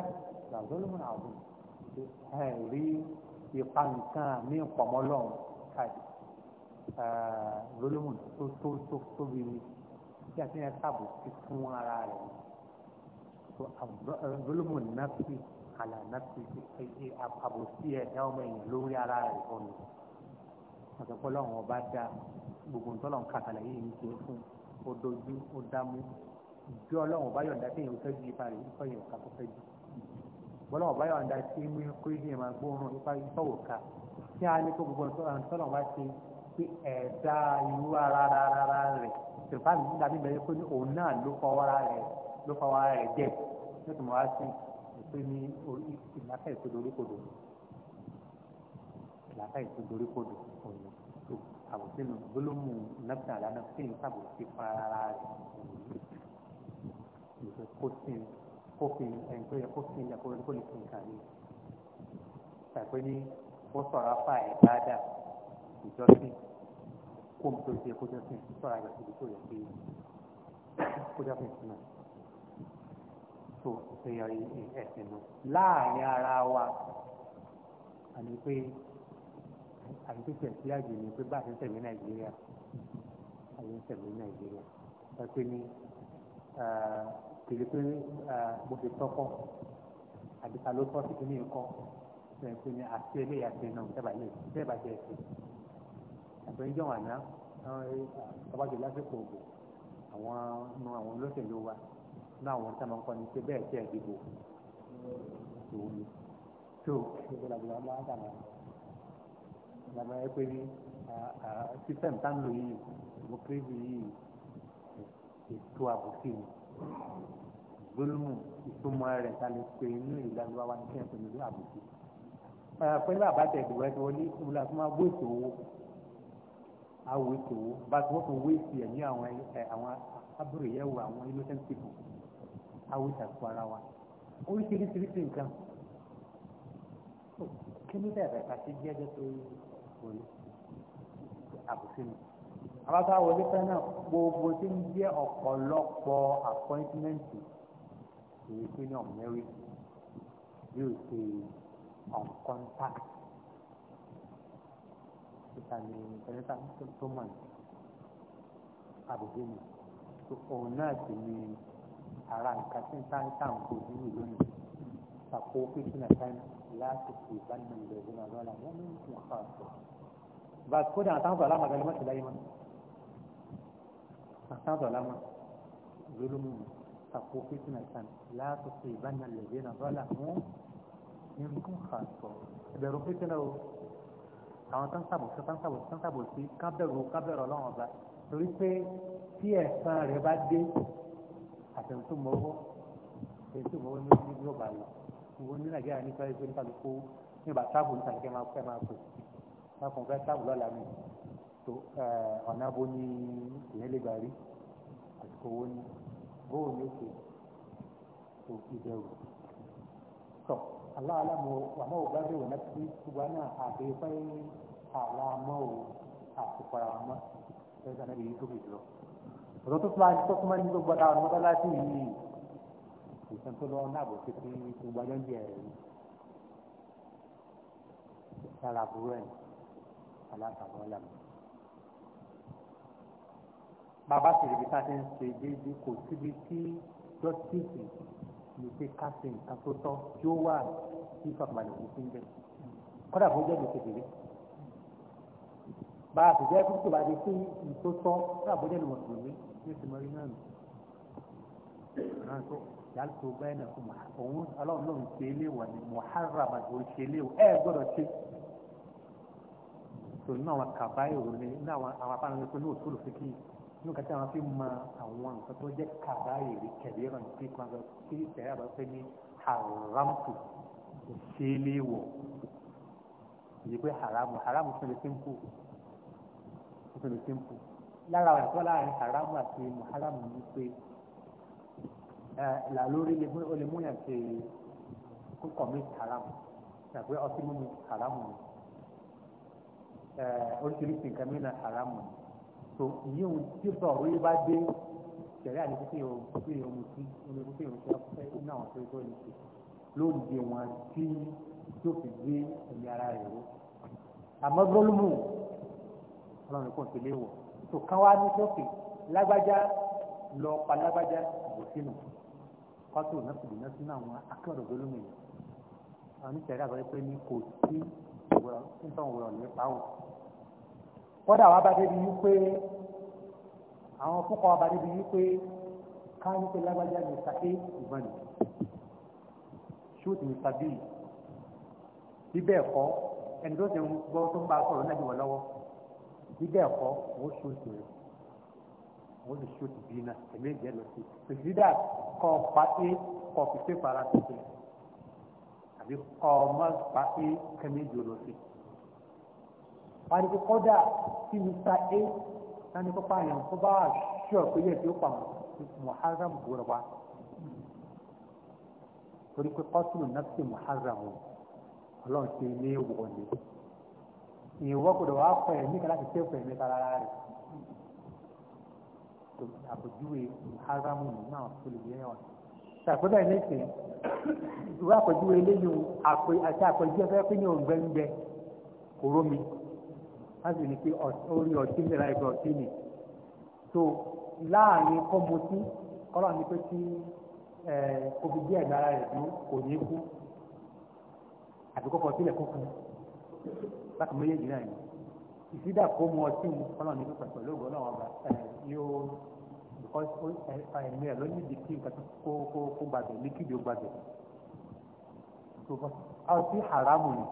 la dulumun azim ẹ̀ eh, rí ipa nǹkan ní pọ̀mọ́lọ́n káyìí dulumun tó tó tó tóbi ní kí a ti yẹn so zulmun nafsi ala nafsi àbòsí ẹ̀dá ọmọ èèyàn lórí ara rẹ̀ ọ̀nà àtọ́pọ́ lọ́wọ́n ọba dá gbogbo ntọ́lọ̀ kàkàlà yìí ń ṣe fún ó dojú ó dámú bí ọlọ́wọ́n ọba yọ̀ǹda tí èèyàn fẹ́ ju ipa rẹ̀ ìfọ̀ yẹn ọ̀ka tó fẹ́ ju bọ́lọ́wọ́n ọba yọ̀ǹda tí mú kó ìdí yẹn máa gbóòórùn ipa ìfọ̀ òka tí a ní kó gbogbo ntọ́lọ̀ ọba ṣe pé ẹ̀dá irú ara rẹ̀ tìrìfà mi nígbà mi bẹ̀rẹ̀ pé òun náà ló fọwọ́ ara rẹ̀ jẹ́ yóò tún wá sí ìpè ní ìlàkà ètò lórí kodò ìlàkà ètò lórí kodò òní tó àbòsínú gbólóhùn nọ́ọ̀tì àlànà tí ń sàbòsí fún ara rẹ̀ òní ìfẹ́ kófin kófin ẹni tó yẹ kófin ilẹ̀ kó lè fi nǹkan rí tàbí ní ó sọ̀rọ̀ afá ẹ̀ dáadáa ìjọsìn kó mi tó ṣe kó jọ́sìn sọ̀rọ̀ àgbàsíbi tó yẹ kó jọ́sìn sí náà so ìpèyàn ẹ̀sìn nù láàrin ara wa àní pé àti pé tẹ̀sí àjò ni pé bá a ti ń tẹ̀mí nàìjíríà a ń tẹ̀mí nàìjíríà ẹ pé ní kìlì pé mo fi tọ́kọ́ àbí ló tọ́ sí kíní nǹkan ẹ pé ní àti eléyà ti nà ìjọba ilé ìjọba jẹ ẹsẹ ẹgbẹ́ ń jọ̀wọ̀n àná ọba jù lásìkò ògùn àwọn nu àwọn olóṣèlú wa náà àwọn sábà ń ni pé bẹ́ẹ̀ tẹ́ ẹ̀ dìbò tòun ni tó gbogbo làbúrò àwọn máa ń dàgbà làbúrò ẹ pé ní sísẹ̀m táǹlò yìí democracy yìí ètò àbòsí ni gbólóhùn ìtumọ̀ rẹ̀ ta lè pe inú ìlànà wa ní kí n pè ní àbòsí pẹ̀lú àbájá ìdìbò ẹ̀ tí wọ́n ní ìmúlá tó máa wéètò owó àwòètò owó awùtàkù ara wa oríṣiríṣiríṣi nǹkan kí ló dẹ̀ bẹ̀ka sí jẹ́jẹ́ tó wọlé àbùsí mi àbáta wọlé fẹ́ náà gbogbo tí ń jẹ́ ọ̀pọ̀lọpọ̀ àpọ́ìntmẹ́ǹtì èyí tó ní ọ̀mẹ́rì yóò ṣe ọ̀nkọ́ntàkì ìta ni ìtẹ́lẹ́ta tó mọ̀ àbùsí mi òun náà sì ni ara nǹkan tí ń sáńtà ń kojú ìlú ni sàkó fífúnà tán láti fi ìbánimọ̀ ìlú náà lọ́la wọ́n ní nǹkan ọ̀sẹ̀. bá a kódà àtàwọn àlámà gan ni láyé mọ́ àtàwọn àlámà lólómù sàkó fífúnà tán láti fi ìbánimọ̀ ìlú náà lọ́la wọ́n ní nǹkan ọ̀sẹ̀. ìbẹ̀rù fífúnà o àwọn tán sàbò sí tán sàbò sí àtẹ̀ntúmọ̀ owó àtẹ̀ntúmọ̀ owó ní ní ní ọ̀bà yìí owó ní nàìjíríà ní pẹ́ẹ́sì nípa ló kó nígbà táàbù níta kẹ́ máa fẹ́ máa pè láàpọ̀ fẹ́ táàbù lọ́la mi tó eh, ọ̀nà bó ní ìyẹn lè gbà rí àsìkò owó ní bóun ní òkè tó ìbẹ̀rù tọ aláàlámọ wàmọ ògbàgbé wọn náà ti gbogbo àná àbẹ̀fẹ́ àlámọ́ ò àsìkò àmọ́ ẹ̀ka náà lè yí tó fi jùlọ ọ̀dọ́ tó máa tó máa ní gbogbo àwọn lagi. yìí tu tó lọ́wọ́ náà bò sí pé gbogbo ajọ́ ń jẹ ẹ̀rọ Bapa sára àbúrò ẹ̀ alákàbọ̀ ọ̀làmù. bàbá sì si tá si ti ń ṣe déédéé kò síbi si jọ́síìsì ní pé ká ṣe nǹkan tó tọ́ tí ó wà sí ìfọ̀kànbalẹ̀ òkú sí ń bẹ̀. kọ́dà bó jẹ́ gbèsè bèrè bí èsì mọ́rí náà nù náà tó yàtò báyìí náà fún òun ọlọ́run náà ń ṣe eléwọ̀ ni muharram àti òun ṣe eléwọ̀ ẹ gbọ́dọ̀ ṣe tó nínú àwọn kàbá ìrò ni nínú àwọn àwọn apá àwọn ẹgbẹ́ ní òṣèlú fífi nínú kàtí àwọn fi mọ àwọn nǹkan tó jẹ́ kàbá ìrì kẹ̀lé ràn sí kan lọ sí ìṣẹ̀lẹ̀ àbá pé ní haramtu ṣe eléwọ̀ èyí pé haramu haramu fún mi simple fún mi simple lára ẹ̀kọ́ láàrin haram àti muharam ni pé ìlà lórí o lè múyàn ṣe kó commit haram ṣàpé ọtí mímu haram ni oríṣiríṣi nǹkan mìíràn haram ni so ìyíhun tí sọ̀rọ̀ yìí bá dé tẹ̀lé àti fífi òkúté ohun tí omi òkúté ohun tí ọ̀fẹ́ iná àwọn tó tó ní ṣe lóde wọn tí tó fi gbé ẹ̀mí ara rẹ̀ wó àmọ́ gbólúmù ọlọ́run kò fi léwọ̀ tó kán wá ní sọ́kè lágbájá lọ pa lágbájá bò sínú kọ́tò nọ́ọ̀sì náà sínú àwọn akẹ́rọ̀ gbólóhùn yìí àwọn oníṣẹ́rí àgbẹ̀ pé ní kò sí nítorí òwúrọ̀ nípa wọn. kódà wàá bá débi yí pé àwọn fúnkọ́ wàá bá débi yí pé ká ní pé lágbájá ní sàké ìbọn ni ṣúùtì ní sàbíì bíbẹ́ ẹ̀kọ́ ẹni tó ti ń gbọ́ tó ń bá a sọ̀rọ̀ náà bíbẹ̀ ẹ̀kọ́ wọ́n ṣòṣì rẹ̀ wọ́n lè ṣòṣì bí iná ẹ̀mí ìjẹ́ lọ sí pèsìdà kọ́ pàtí kọ́ fífẹ́ fara tuntun àbí kọ́ ọmọ pàtí kẹ́mí ìjọ lọ sí. wọ́n ti kọ́dà sí mr a sani kó pààyàn kó bá ṣọ́ pé yẹ kí ó pa muharram búra wa torí pé kọ́sùlù muharram ọlọ́run ti ní ìwọ̀ ni ìwọ kò dọ̀wọ́ akọ ẹ̀mí kan láti tẹ́kọ̀ ẹ̀mí kan rárá rẹ̀ tó àpèjúwe haramu náà tó lè yẹn wọn. sàkóbẹ̀ ní ìsìn ìwé àpèjúwe eléyìí àti àpèjúwe fẹ́ pé ní òǹgbẹ́ǹgbẹ́ kò rómi wọ́n sì ní pé orí ọtí lè ra ẹgbẹ́ ọtí nì. tó láàrin kọ́mọtí ọlọ́run ní pé tí kò fi díẹ̀ gbára rẹ̀ dúró kò ní kú àbíkọ́kọ́ sílẹ̀ kó kú bákan méjèèjì náà ni ìsídà kó mu ọtí mu ọlọ́run ní pípẹ́ pẹ̀lú ògbọ́n náà ọba yóò ẹ̀mí ẹ̀ ló ní ìdí kí nǹkan kó kó kó gbàgbé líkìdì ó gbàgbé ọtí haramu ni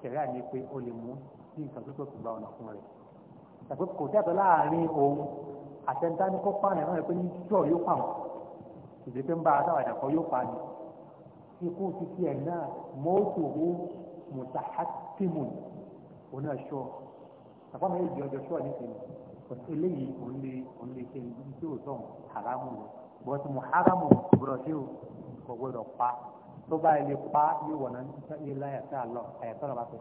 kẹ̀rẹ́ àní pé o lè mú sí nǹkan tó tóbi gba ọ̀nà fún rẹ̀ tàbí kò dẹ́tọ̀ láàrin òun àtẹ̀ntání kó pààyàn náà pé ní jọ́ yóò pa wọn ìdí pé ń bá a kan yóò pa ni ikú títí ẹ̀ náà mọ́tò ó mùtàhátìmù òun náà ṣọ́ àpá mi ìdí ọjọ́ ṣọ́ nísìnyí eléyìí òun lè òun lè ṣe ibi tí ò tọ̀ haramu lọ bọ́tù muharamu gbọ́dọ̀ ṣe o kò gbọ́dọ̀ pa tó bá ilé pa yóò wọ̀ náà ní láyà sí àlọ́ àyàtọ̀ lọ́ba fẹ́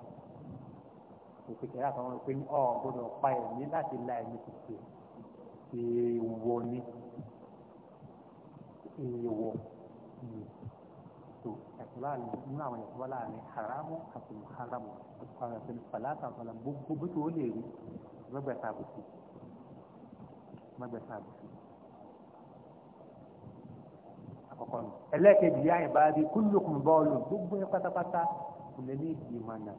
òkè kẹrẹ àtàwọn ọ̀pẹ ní ọ̀ gbọ́dọ̀ pa ẹ̀mí láti la ẹ̀mí tètè èèwọ̀ ni èèwọ̀ ni. Hmm ìṣàkóláàlì nínú àwọn ìyàtọ̀ láàrin haramu àti muharamu àwọn ìpín fàlàtà ọ̀sán gbogbo bí tó lè rí mẹ́gbẹ̀ta àbùsí mẹ́gbẹ̀ta àbùsí. àkọ́kọ́ nù ẹlẹ́ẹ̀kejì yá ìbá rí kúlùkùn bọ́ọ̀lù gbogbo yẹn pátápátá kò lè ní ìgbìmọ̀ náà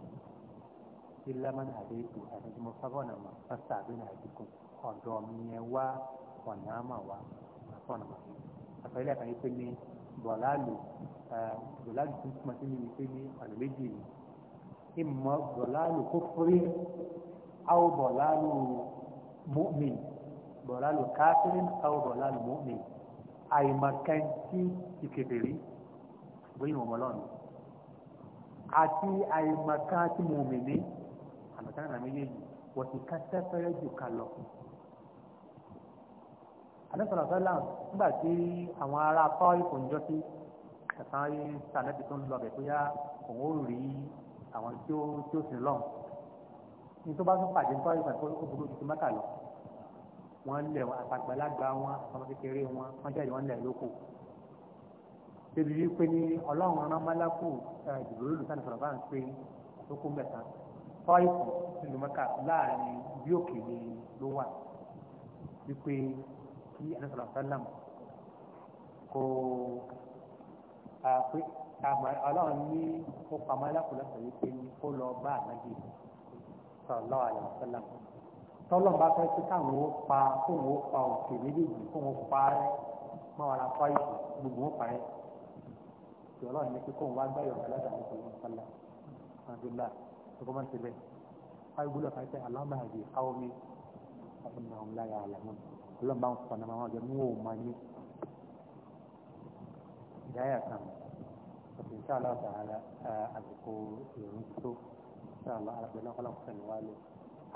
ilé mọ́nà àdéhùn àtẹ̀jùmọ̀ fábọ́nà mọ́ pásítà àbínà àdínkù ọ̀dọ́ mi yẹn wá ọ̀nà àmà wá àtọ̀nà mọ́ àtọ̀ ilé àtàyè pé ní dọ̀láàlù dọ̀láàlù tó túmọ̀ sí níbi pé ní ọ̀nà méjì ni ìmọ̀ dọ̀láàlù kó fúrí áwọ̀ dọ̀láàlù mu'min dọ̀láàlù káfírin áwọ̀ dọ̀láàlù mu'min àìmọ̀kẹ́ntì ìkẹfẹ̀rí bóyá ìwọ̀n ọlọ́run àti àìmọ̀kẹ́ntì mu'min ní àmọ̀kẹ́ntì méjèèjì wọ́n ti ká sẹ́fẹ́rẹ́ jù ká lọ àdéhùn sọ́lá nígbà tí àwọn ará kọ́ ìkò ń jọ sí ẹ̀sán ayé sànẹ́bí tó ń lọ bẹ̀ bóyá òun ó rí àwọn tí ó tí ó sì lọ́n ní tó bá tún pàdé nípa ìgbà tó kó burú tuntun mẹ́ta lọ wọ́n lẹ̀ wọn àtàgbàlagbà wọn ọmọ kékeré wọn wọ́n jáde wọ́n lẹ̀ lóko débi wípé ní ọlọ́run rán málákù ìdìbò lòlù sani sọ̀rọ̀ bá ń pè tó kó mẹ́ta tọ́ ìkù nílùú mẹ́ka láàrin bí òkè ni ló wà wípé tí àdúrà sálàmù kò àpé ọlọ́run ní ó pamọ́ alákòlọ́sọ̀ yìí pé kó lọ bá ànábì sọ̀lọ́ àlẹ́ sálàmù tọ́lọ́n bá fẹ́ kí káwọn ó pa kóun ó pa òkè méjèèjì kóun ó pa rẹ́ mọ́ wọn apá ìlú gbogbo ó parẹ́ tí ọlọ́run ní pé kóun wá gbáyọ̀ ọ̀gá lọ́dọ̀ àlẹ́ sálàmù àdúrà ọgbọ́n máa ń ṣe bẹ́ẹ̀ wọ́n á gbúdọ̀ fẹ́ sẹ́ alámàdì káwọ́mí ọ̀hún náà ń láyà àlàmú ọlọ́run bá ń fọ̀nà àwọn ọjọ́ ní òun máa ní ìdáyà kan ọ̀sẹ̀ Allah ọ̀sàrà àsìkò ìrìn tó ìṣàlá alábẹ́lẹ́ ọlọ́run fẹ̀mí wá lò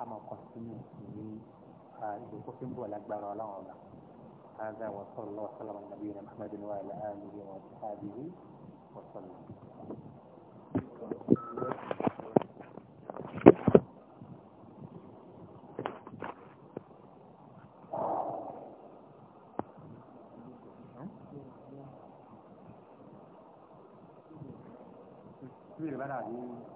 á máa kọ̀ntínú ní ìdókò tí ń bọ̀ lágbára ọlọ́run ọ̀la هذا وصلى الله وسلم على نبينا محمد وعلى اله وصحبه وسلم 嗯。